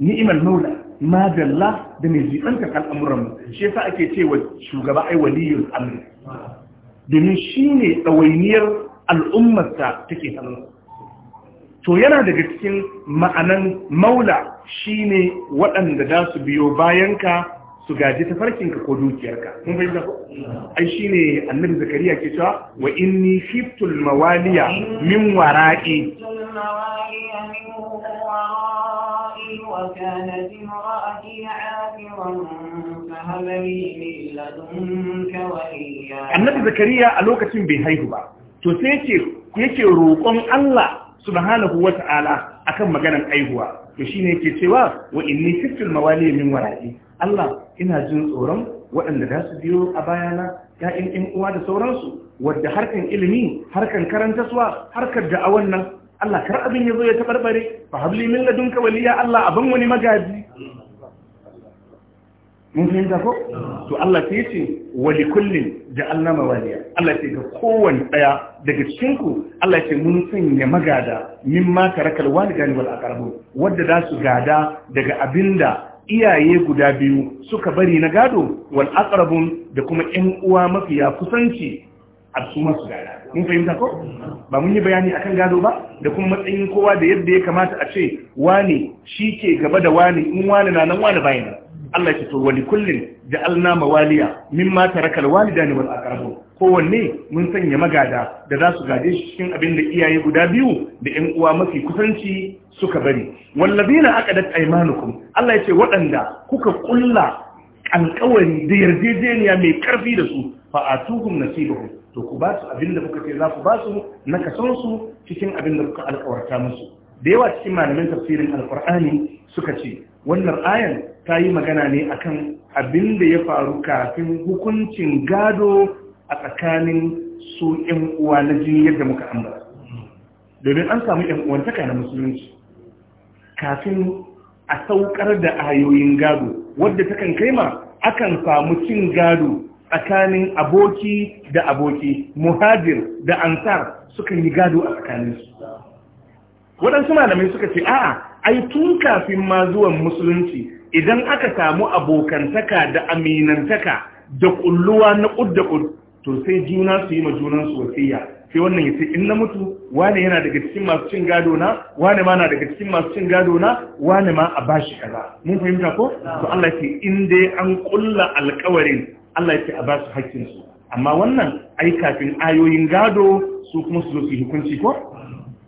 ni'mal maula ma da dalla da mai jibantar al'amuran mu shi yasa ake wa shugaba ai waliyul amr domin shi shine dawainiyar al'ummarsa take hannunsa to yana daga cikin ma'anan maula shine waɗanda za su biyo bayanka su gaji ka ko dukiyarka kun bai ko ai shine annabi zakariya ke cewa wa inni khiftul mawaliya min wara'i Annabi Zakariya a lokacin bai haihu ba to sai yake roƙon Allah subhanahu wa ta'ala akan maganan aihuwa to shine yake cewa wa inni kiftul mawali min wara'i Allah ina jin tsoron waɗanda za su biyo a bayana ya in uwa da sauransu wadda harkan ilimi harkan karantaswa harkar da'awan nan Allah kar abin ya zo ya tabarbare fa habli min ladunka waliya Allah aban wani magaji mun fahimta ko to Allah sai ce wa likullin ja'alna mawaliya Allah sai ga kowane ɗaya daga cikin ku Allah sai mun sanya magada rakar, wani walidani wal aqrabun Wadda za su gada daga abinda iyaye guda biyu suka bari na gado wal aqrabun da kuma ƴan uwa mafiya kusanci a su masu gada mun fahimta ko ba mun yi bayani akan gado ba da kuma matsayin kowa da yadda ya kamata a ce wani shi ke gaba da wani in wani na nan wani bayan Allah ya to wali kullin ja'alna mawaliya mimma taraka alwalidani wal aqrabun kowanne mun sanya magada da za su gaje shi cikin abin da iyaye guda biyu da ƴan uwa mafi kusanci suka bari wallazina aqadat aymanukum Allah ya ce waɗanda kuka kulla alƙawari da yarjejeniya mai ƙarfi da su fa atuhum nasibahum to ku ba su abin da kuka ce za ku ba su na kasan su cikin abin da kuka alƙawarta musu da yawa cikin malamin tafsirin alƙur'ani suka ce wannan ayan ta yi magana ne akan abin da ya faru kafin hukuncin gado a tsakanin su ‘yan uwa na jini yadda muka ambata domin an samu ‘yan uwantaka na musulunci kafin a saukar da ayoyin gado wadda ta kan ma akan samu cin gado tsakanin aboki da aboki muhajir da ansar sukan yi gado a tsakaninsu waɗansu malamai suka ce a'a ai tun kafin ma zuwan musulunci idan aka samu abokantaka da aminantaka da kulluwa na kudda kud to sai juna su yi ma junan su wasiya sai wannan ya ce in na mutu wane yana daga cikin masu cin gado na wane ma na daga cikin masu cin gado na wane ma a bashi kaza mun fahimta ko to Allah ce in dai an kulla alƙawarin Allah ya ce a basu hakkin su amma wannan ai kafin ayoyin gado su kuma su zo su hukunci ko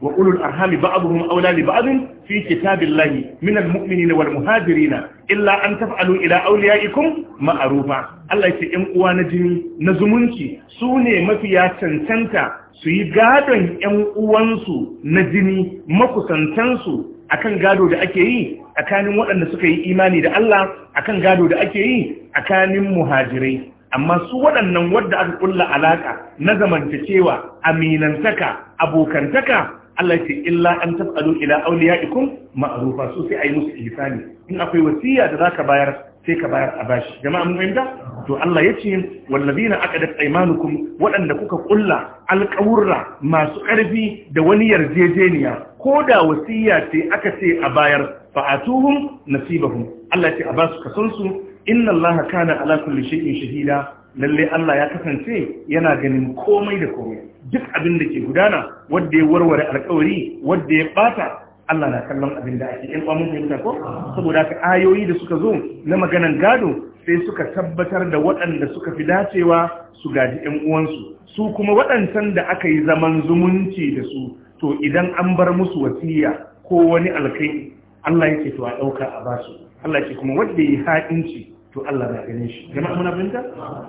وأولو الأرحام بعضهم أولى لبعض في كتاب الله من المؤمنين والمهاجرين إلا أن تفعلوا إلى أوليائكم معروفا الله يسي إن أوانا جني نزمونكي سوني مفيا سنسنتا سي غادن إن أوانسو نجني مكو سنسنسو akan gado da ake yi tsakanin waɗanda suka yi imani da Allah akan gado da ake yi tsakanin muhajirai amma su waɗannan wadda aka kulla alaka na zamantacewa aminantaka abokantaka Allah ce illa an tasalu ila awliyaikum ma'rufa su sai yi musu ihsani in akwai wasiya da zaka bayar sai ka bayar a bashi jama'a mun fahimta to Allah yace wallazina aqadat aymanukum Waɗanda kuka kulla alqawra masu ƙarfi da wani yarjejeniya ko da wasiya ce aka ce a bayar fa'atuhum nasibahum Allah ce a basu kasansu inna Allah kana ala kulli shay'in shahida lalle Allah ya kasance yana ganin komai da komai duk abin da ke gudana wanda ya warware alkawari wanda ya bata Allah na kallon abin da ake in kwamin fahimta ko saboda ka ayoyi da suka zo na maganan gado sai suka tabbatar da waɗanda suka fi dacewa su gaji ƴan uwansu su kuma waɗancan da aka yi zaman zumunci da su to idan an bar musu wasiya ko wani alkai Allah yake to a ɗauka a basu Allah yake kuma wanda ya yi haɗinci to Allah na ganin shi jama'a muna binta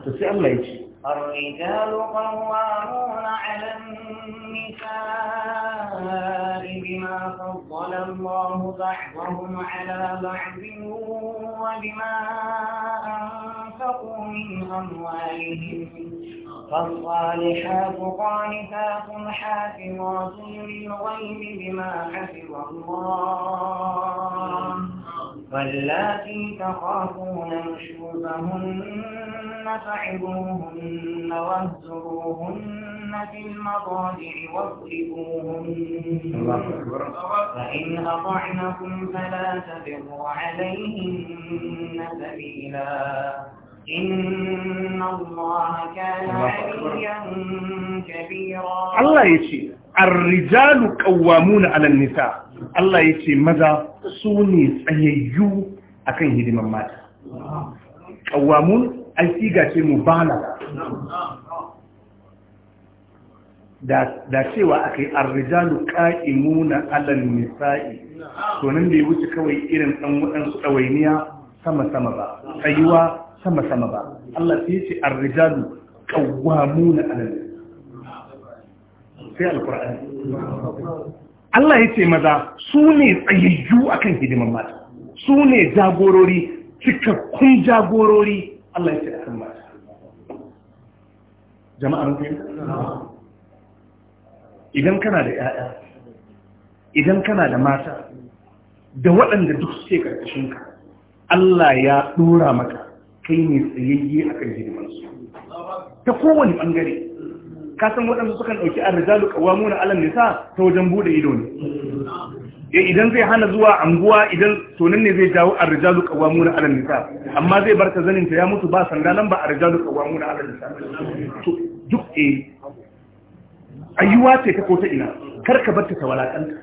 to sai Allah ya ce الرجال قوامون على النساء بما فضل الله بعضهم على بعض وبما أنفقوا من أموالهم فالصالحات قانتات حافظات للغيب بما حفظ الله واللاتي تخافون نشوزهن فعبوهن واهزروهن في المضاجع واضربوهن فإن أطعنكم فلا تبروا عليهن سبيلا Allah ya ce, Arrijalu ƙawwamuna alal nisa, Allah ya ce maza su ne tsayayyu a kan hidiman mata. Ƙawwamun an ce mu bala. Da cewa aka yi arrijalu ƙa'imuna alal nisa'i, sonin da ya wuce kawai irin ɗan waɗansu ɗawainiya sama-sama ba, tsayuwa sama sama ba Allah sai ce ar-rijalu qawwamuna 'ala sai alqur'ani Allah ya ce maza su ne tsayayyu akan hidiman mata su ne jagorori cikakkun jagorori Allah ya ce akan mata jama'a mun idan kana da 'ya'ya idan kana da mata da waɗanda duk suke ka, Allah ya ɗora maka kai ne tsayayye a kan su ta kowane Ka kasan waɗansu sukan ɗauki a rijalu ƙawamuna alam nisa ta wajen buɗe ido ne eh, idan zai hana zuwa anguwa idan tonan ne zai jawo a rijalu ƙawamuna alam nisa amma zai bar ta zaninta ya mutu ba sanda nan ba a rijalu ƙawamuna alam nisa to duk e eh, ayyuwa ce ta ko ta ina kar ka bar ta ta walakanta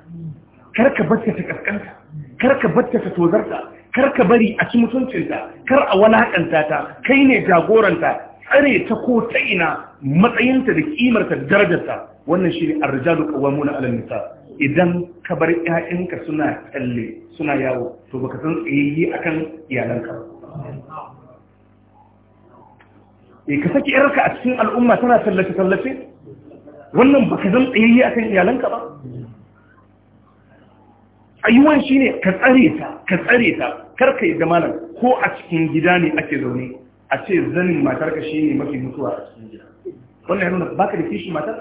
kar ka bar ta ta kaskanta kar ka bar ta ta tozarta kar ka bari a ci mutuncinta kar a walakanta ta kai ne jagoranta tsare ta ko ta ina matsayinta da kimarta da darajarta wannan shi ne arrijalu qawwamuna 'ala nisa idan ka bar ƴaƴanka suna tsalle suna yawo to baka san tsayayye akan iyalanka e ka saki yarka a cikin al'umma tana tallace tallace wannan baka san tsayayye akan iyalanka ba ayyuwan shine ka tsare ta ka tsare ta kar ka yi malam ko a cikin gida ne ake zaune a ce zanin matar ka shi ne mafi mutuwa a cikin gida wannan ya nuna ka da kishin matar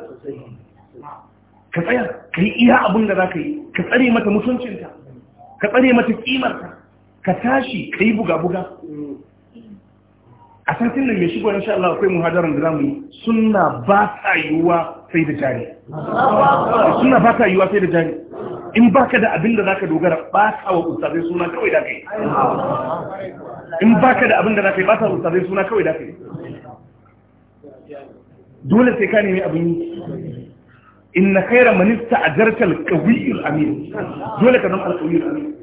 ka tsaya ka yi iya abin da za ka yi ka tsare mata mutuncinta ka tsare mata kimarta ka tashi ka yi buga-buga a satin nan mai shigo insha Allah akwai muhadaran da zamu yi sunna ba ta yiwa yiwuwa sai da jari in baka da abin da zaka dogara ba ka wa ustazai suna kawai da kai in baka da abin da zaka yi ba ka wa ustazai suna kawai da kai dole sai ka nemi abin yi inna khaira man a al-qawiyyu al-amin dole ka zama al-qawiyyu al-amin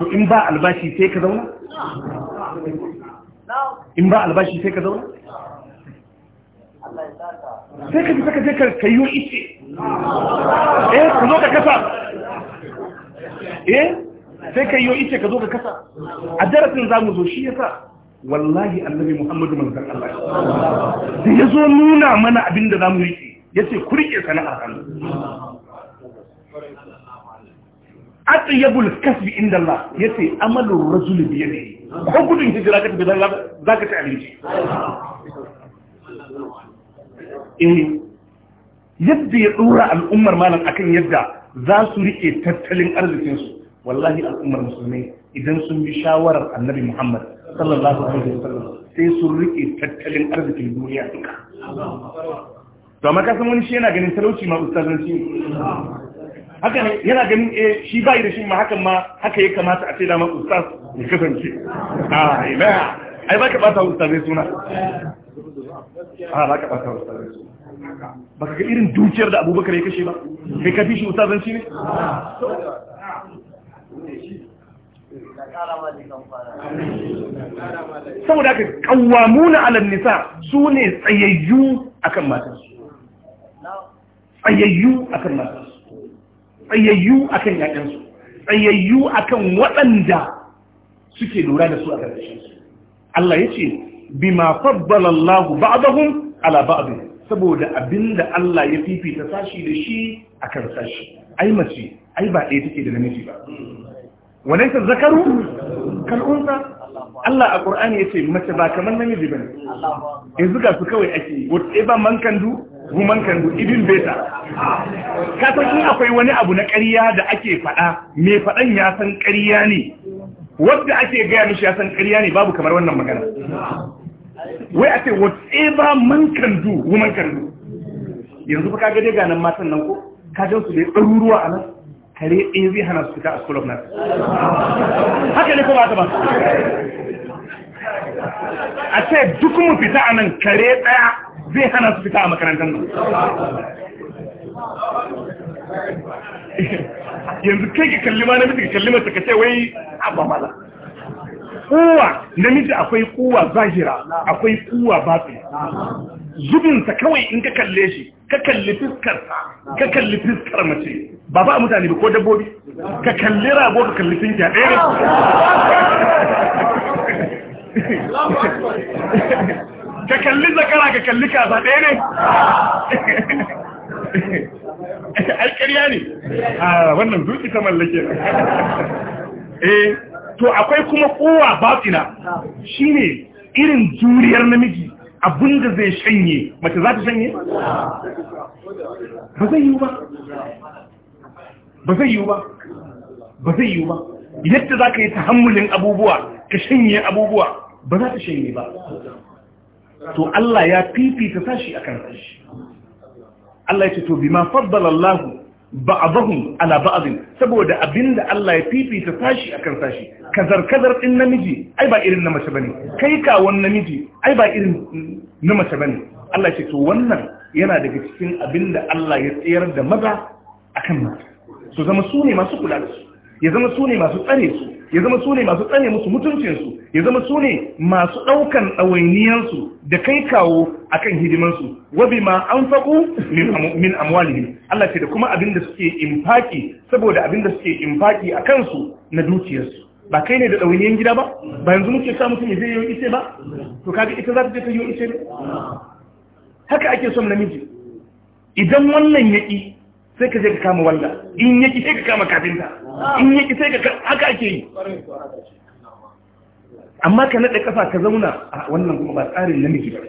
to in ba albashi sai ka zauna in ba albashi sai ka zauna sai ka fita ka je ka kayo ice eh ka zo ka kasa eh sai ka yi ice ka zo ka kasa a darasin za mu zo shi ya sa. wallahi annabi muhammadu manzan Allah da ya zo nuna mana abin da za mu ce, ya ce ku riƙe sana'a hannu atyabul kasbi inda Allah ya ce amalin rasulu biye ne ko gudun hijira ka tafi za ka ci abinci eh yadda ya ɗora al'ummar malam akan yadda za su riƙe tattalin arzikinsu wallahi al'ummar musulmai idan sun bi shawarar annabi muhammad sallallahu alaihi wasallam sai sun riƙe tattalin arzikin duniya duka to amma kasan wani shi yana ganin talauci ma ustazanci haka yana ganin eh shi bai da shi ma hakan ma haka ya kamata a ce da ma ustaz ya kasance a ina ai baka bata ustazai suna a baka bata ustazai suna baka ga irin dukiyar da abubakar ya kashe ba kai ka fi shi ustazanci ne saboda haka kawamuna alal nisa su ne tsayayyu akan matansu tsayayyu akan matansu tsayayyu akan yaƙansu tsayayyu akan waɗanda suke lura da su a ƙarshen Allah ya ce bima faddala Allah ba'dahum ala ba'd saboda abinda Allah ya fifita sashi da shi akan sashi ai mace ai ba ɗaya take da namiji ba walaysa zakaru kal unsa Allah a Qur'ani yace mace ba kamar namiji bane yanzu ga su kawai ake whatever man can do woman can do even better ka san in akwai wani abu na ƙarya da ake faɗa me faɗan ya san ƙarya ne wanda ake gaya mishi ya san ƙarya ne babu kamar wannan magana wai a ce whatever man can do woman can do yanzu fa kaga dai ga nan matan nan ko ka jan su da ɗaruruwa a nan kare ɗaya zai hana su fita a school of nurse haka ne ba ta ba a ce duk mu fita a nan kare ɗaya zai hana su fita a makarantar nan yanzu kai ka kalli ma na miji ka kalli mace ka ce wai abba mala kowa namiji akwai kowa zahira akwai kowa batsi zubinsa kawai in ka kalle shi ka kalli fiskar, ka kalli fiskar mace ba ba mutane ba ko dabbobi ka kalli rago ka kalli a ɗaya ka kalli zakara ka kalli kasa ɗaya ne ai ƙarya ne a ah, wannan zuci ta mallake eh to akwai kuma kowa batina shine irin juriyar namiji abinda zai shanye mace za ta shanye ba zai yiwu ba ba zai yiwu ba ba zai yiwu ba yadda za ka yi tahammulin abubuwa ka shanye abubuwa ba za ta shanye ba to Allah ya fifita sashi kan sashi Allah ya ce to bima faddala ba'abahum ala ba'adin saboda abinda Allah ya fifita sashi akan sashi kazar kazar din namiji ai ba irin na mace bane kai kawon namiji ai ba irin na mace bane Allah ya ce to wannan yana daga cikin abinda Allah ya tsayar da maza akan mata su zama su ne masu kula da su ya zama su ne masu tsare su ya zama su ne masu tsane musu mutuncinsu ya zama su ne masu ɗaukan ɗawainiyarsu da kai kawo a kan hidimansu wabi ma an faɓo min amwalihim Allah ce da kuma abin da suke infaki saboda abin da suke infaki a kansu na dukiyarsu ba kai ne da ɗawainiyar gida ba ba yanzu muke sa mutum ya je yi ise ba to kaga ita za ta je ta yi ise ne haka ake son namiji idan wannan yaki sai ka je ka kama walla in yaki sai ka kama kafinta in yake sai ka haka ake yi amma ka naɗa ƙasa ka zauna a wannan kuma ba tsarin namiji ba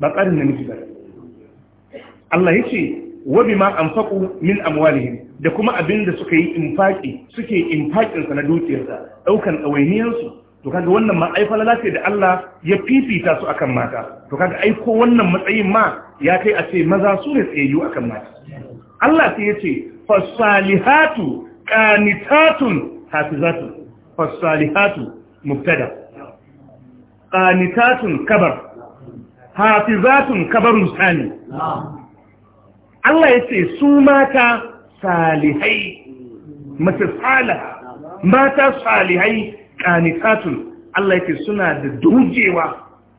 ba tsarin namiji ba Allah ya ce wabi ma an faƙo min amwalihim da kuma abin da suka yi infaƙi suke infaƙinsa na dukiyarsa ɗaukan ɗawainiyarsu to kaga wannan ma ai falala ce da Allah ya fifita su akan mata to kaga ai ko wannan matsayin ma ya kai a ce maza su ne tsayayyu akan mata Allah sai ya ce fasalihatu qanitatun hafizatu fasalihatu mubtada qanitatun kabar hafizatun kabarun sani Allah ya ce su mata salihai mace salaha mata salihai qanitatun Allah ya suna da dogewa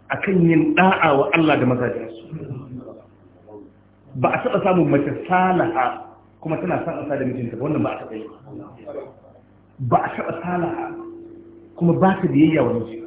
akan yin da'a wa Allah da mazajensu ba a taɓa samun mace salaha kuma tana son da mijinta wannan ba a taɓa yi ba a taɓa salaha kuma ba ta biyayya wa miji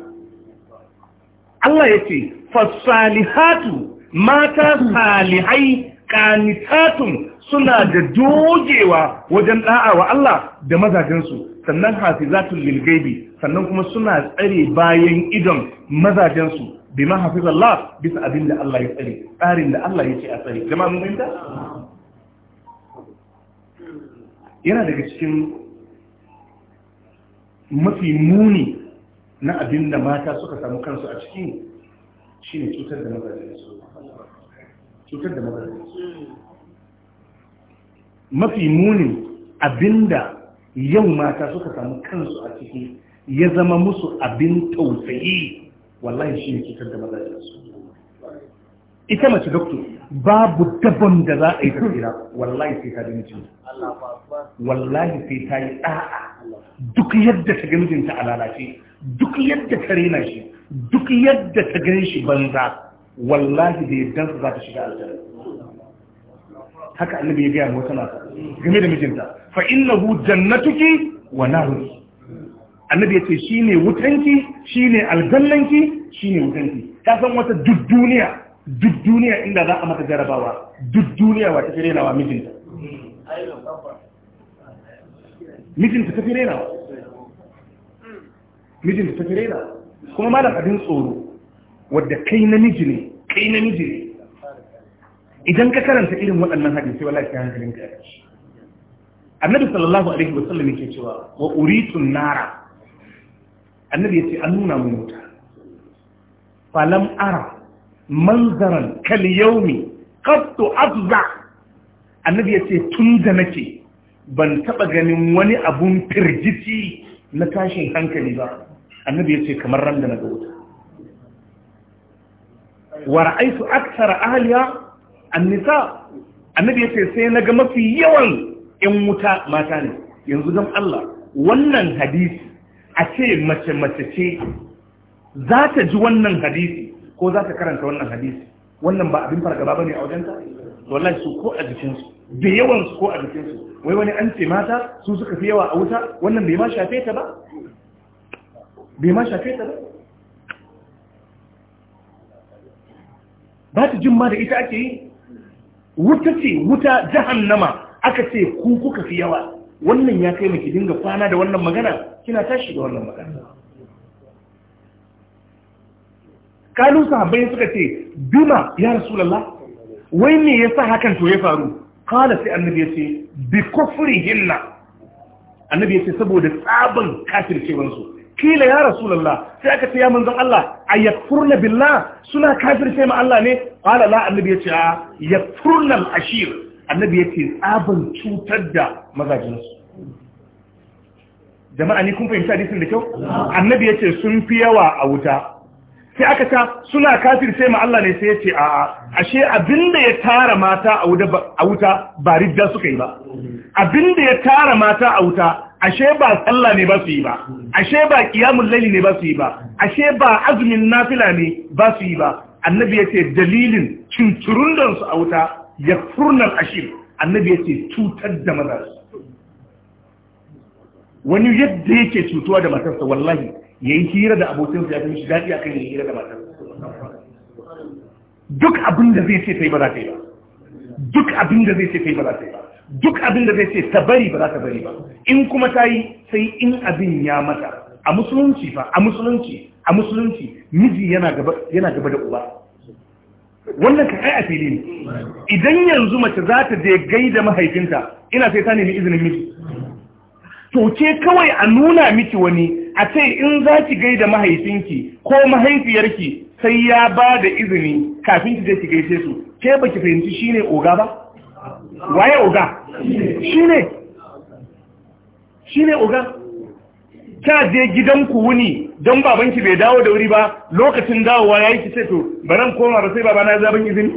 Allah ya ce fasalihatu mata salihai kanitatun suna da dogewa wajen da'a wa Allah da mazajensu sannan hafizatul lil gaibi sannan kuma suna tsare bayan idon mazajensu bima hafizallah bisa abin da Allah ya tsare tsarin da Allah ya ce a tsare jama'a mun fahimta yana daga cikin mafi muni na abin da mata suka samu kansu a ciki shine cutar da su. cutar da mazajensu mafi munin abin da yau mata suka samu kansu a ciki ya zama musu abin tausayi wallahi shi ne cutar da mazajensu ita mace doktor babu dabon da za a yi tafira wallahi sai ta yi mijinta wallahi sai ta yi ɗa'a duk yadda ta gani mijinta a lalace duk yadda ta rena shi duk yadda ta gani shi banza wallahi da yadda za ta shiga aljanna haka annabi ya gaya mu wata mata game da mijinta fa innahu jannatuki wa naruki annabi ya ce shine wutanki shine aljannanki shine wutanki ta san wata duk duniya duk duniya inda za a mata jarabawa duk duniya wa ta fi renawa mijinta mijinta ta fi renawa mijinta ta fi renawa kuma malar abin tsoro wadda kai namiji ne kai namiji ne idan ka karanta irin waɗannan sai wallahi sai hankalin ka annabi sallallahu alaihi wasallam yake cewa wa uritu nara annabi yace an nuna mu mota. falam ara manzaran kal yaumi qattu afza annabi yace tun da nake ban taba ganin wani abun firgici na tashin hankali ba annabi yace kamar ran da naga wuta wa ra'aytu akthar ahliya annisa nisa annabi yace sai naga mafi yawan yan wuta mata ne yanzu dan Allah wannan hadisi a ce mace mace ce za ta ji wannan hadisi ko za ka karanta wannan hadisi wannan ba abin fargaba ba ne a wajenka wallahi su ko a jikinsu da yawan su ko a jikinsu wai wani an ce mata su suka fi yawa a wuta wannan bai ma shafe ta ba bai ma shafe ta ba ba ta jin ma da ita ake yi wuta ce wuta jahannama aka ce ku kuka fi yawa wannan ya kai maki dinga kwana da wannan magana kina tashi da wannan magana kalu sahabbai suka ce bima ya rasulullah wai me yasa hakan to ya faru kala sai annabi ya ce bi kufrihinna annabi ya ce saboda tsaban kafircewar su kila ya rasulullah sai aka ce ya manzon Allah ayakfurna billah suna kafirce ma Allah ne kala la annabi ya ce yakfurna al-ashir annabi ya ce tsaban cutar da mazajinsu jama'a ni kun fahimci hadisin da kyau annabi ya ce sun fi yawa a wuta sai aka ta suna kafir sai ma Allah ne sai ya ce a ashe abinda ya tara mata a wuta ba ridda suka yi ba abinda ya tara mata a wuta ashe ba Allah ne ba su yi ba ashe ba qiyamul layli ne ba su yi ba ashe ba azumin nafila ne ba su yi ba annabi ya ce dalilin cinturundan su a wuta ya yakfurnal ashir annabi ya ce cutar da maza wani yadda yake cutuwa da matarsa wallahi ya yi hira da abokinsa ya fi mishi daɗi a kan yi hira da matar duk abin da zai ce sai ba za ta yi ba duk abin da zai ce sai ba za ta yi ba duk abin da zai ce ta bari ba za ta bari ba in kuma ta yi sai in abin ya mata a musulunci fa a musulunci a musulunci miji yana gaba yana gaba da uba wannan ka kai a fili ne idan yanzu mace za ta je gaida mahaifinta ina sai ta nemi izinin miji to ke kawai a nuna miki wani a ce in za ki gaida mahaifinki ko mahaifiyarki sai ya ba da izini kafin ki je ki gaishe su ke ba ki fahimci shi ne oga ba waye oga shine shine oga ta je gidanku wuni don babanki bai dawo da wuri ba lokacin dawowa ya yi ki ce to baran koma ba sai babana ya zaɓin izini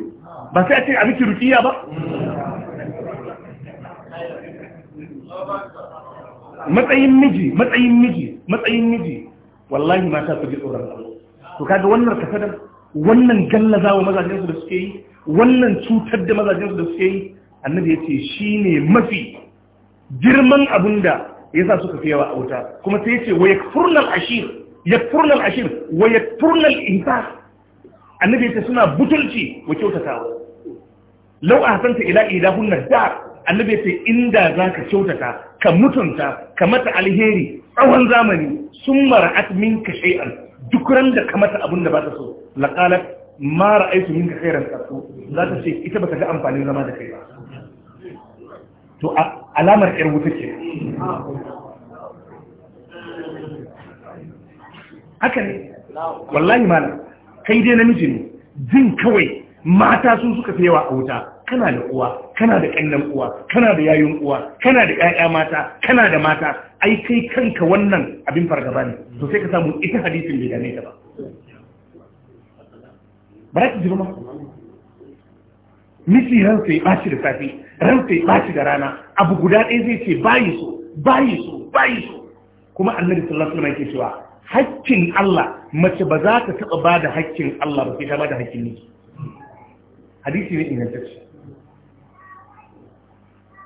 ba sai a ce a miki rukiya ba matsayin miji matsayin miji matsayin miji wallahi mata su ji tsoron Allah to kaga wannan kafadar, wannan gallazawa mazajen su da suke yi wannan cutar da mazajen su da suke yi annabi yace shine mafi girman abinda yasa suka fi yawa a wuta kuma sai yace ce wa yakfurnal ashir yakfurnal ashir wa yakfurnal ihsan annabi yace suna butulci wa kyautatawa law ahsanta ila ilahunna da. annabi ce inda za ka kyautata ka mutunta ka mata alheri tsawon zamani sun mara mara'at ka shay'an duk ran da ka mata abin da ba ta so laqalat ma ra'aytu minka khairan qattu za ta ce ita baka ga amfanin zama da kai ba to alamar yar wuta ce haka ne wallahi malam kai dai namiji ne jin kawai mata sun suka fi yawa a wuta kana da uwa kana da ƙannan uwa kana da yayin uwa kana da ƴaƴa mata kana da mata ai kai kanka wannan abin fargaba ne to sai ka samu ita hadisin bai dame ta ba bara za ki ji misi ran sai baci da safi ran sai baci da rana abu guda ɗaya zai ce bayi so bayi so bayi so kuma annabi sallallahu alaihi wasallam yake cewa haƙƙin Allah mace ba za ta taɓa ba da haƙƙin Allah ba sai ta ba da haƙƙin ne hadisi ne ingantacce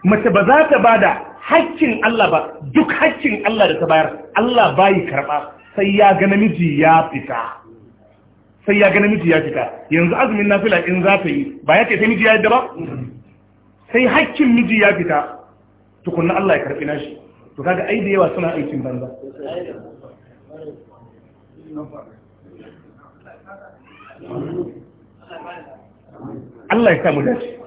mace ba za ta ba da haƙƙin Allah ba duk haƙƙin Allah da ta bayar Allah bayi karɓa sai ya ga namiji ya fita sai ya ga namiji ya fita yanzu azumin nafila in za ta yi ba ya ce sai miji ya yadda ba sai haƙƙin miji ya fita tukunna Allah ya karɓi nashi to kaga ai da yawa suna aikin banza Allah ya samu dace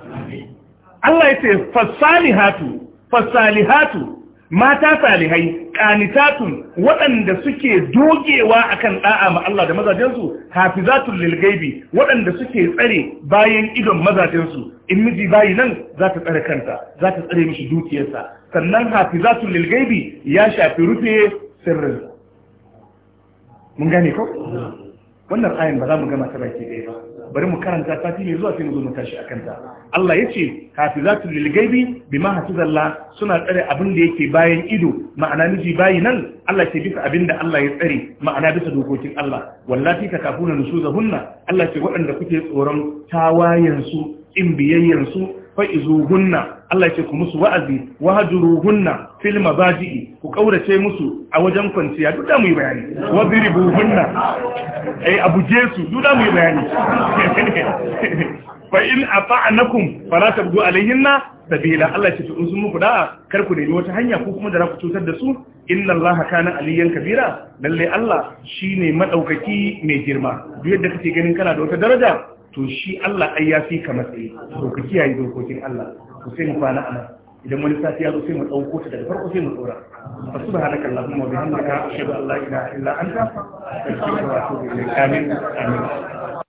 Allah ya ce fasalihatu fasalihatu mata salihai qanitatun waɗanda suke dogewa akan da'a ma Allah da mazajensu hafizatul lilgaibi waɗanda suke tsare bayan idon mazajensu in miji bayi nan za ta tsare kanta za ta tsare mishi dukiyarsa sannan hafizatul lil gaibi ya shafi rufe sirrin mun gane ko wannan ayin ba za mu gama ta baki ɗaya ba bari mu karanta sati mai zuwa sai mu zo mu tashi akan ta Allah yace hafizatu lil ghaibi bima hafizallah suna tsare abin da yake bayan ido ma'ana miji bayi nan Allah ke bisa abin da Allah ya tsare ma'ana bisa dokokin Allah wallahi ta kafuna nusuzahunna Allah ce waɗanda kuke tsoron tawayen su in biyayyan su fa'izuhunna Allah ce ku musu wa'azi filma fil mabaji'i ku kaurace musu a wajen kwanciya duk da mu yi bayani wadribuhunna eh abuje su duk da mu yi bayani fa in ata'nakum fala tabdu alayhinna sabila Allah ce to sun muku da'a kar ku wata hanya ko kuma da za ku cutar da su inna Allah kana aliyan kabira lalle Allah shine madaukaki mai girma duk yadda kake ganin kana da wata daraja to shi Allah ai ya fi ka matsayi to ka kiyaye dokokin Allah to sai mu kwana idan wani safiya ya zo sai mu dauko ta daga farko sai mu tsora fa subhanaka allahumma wa bihamdika ashhadu an la ilaha illa anta astaghfiruka wa atubu ilaik amin amin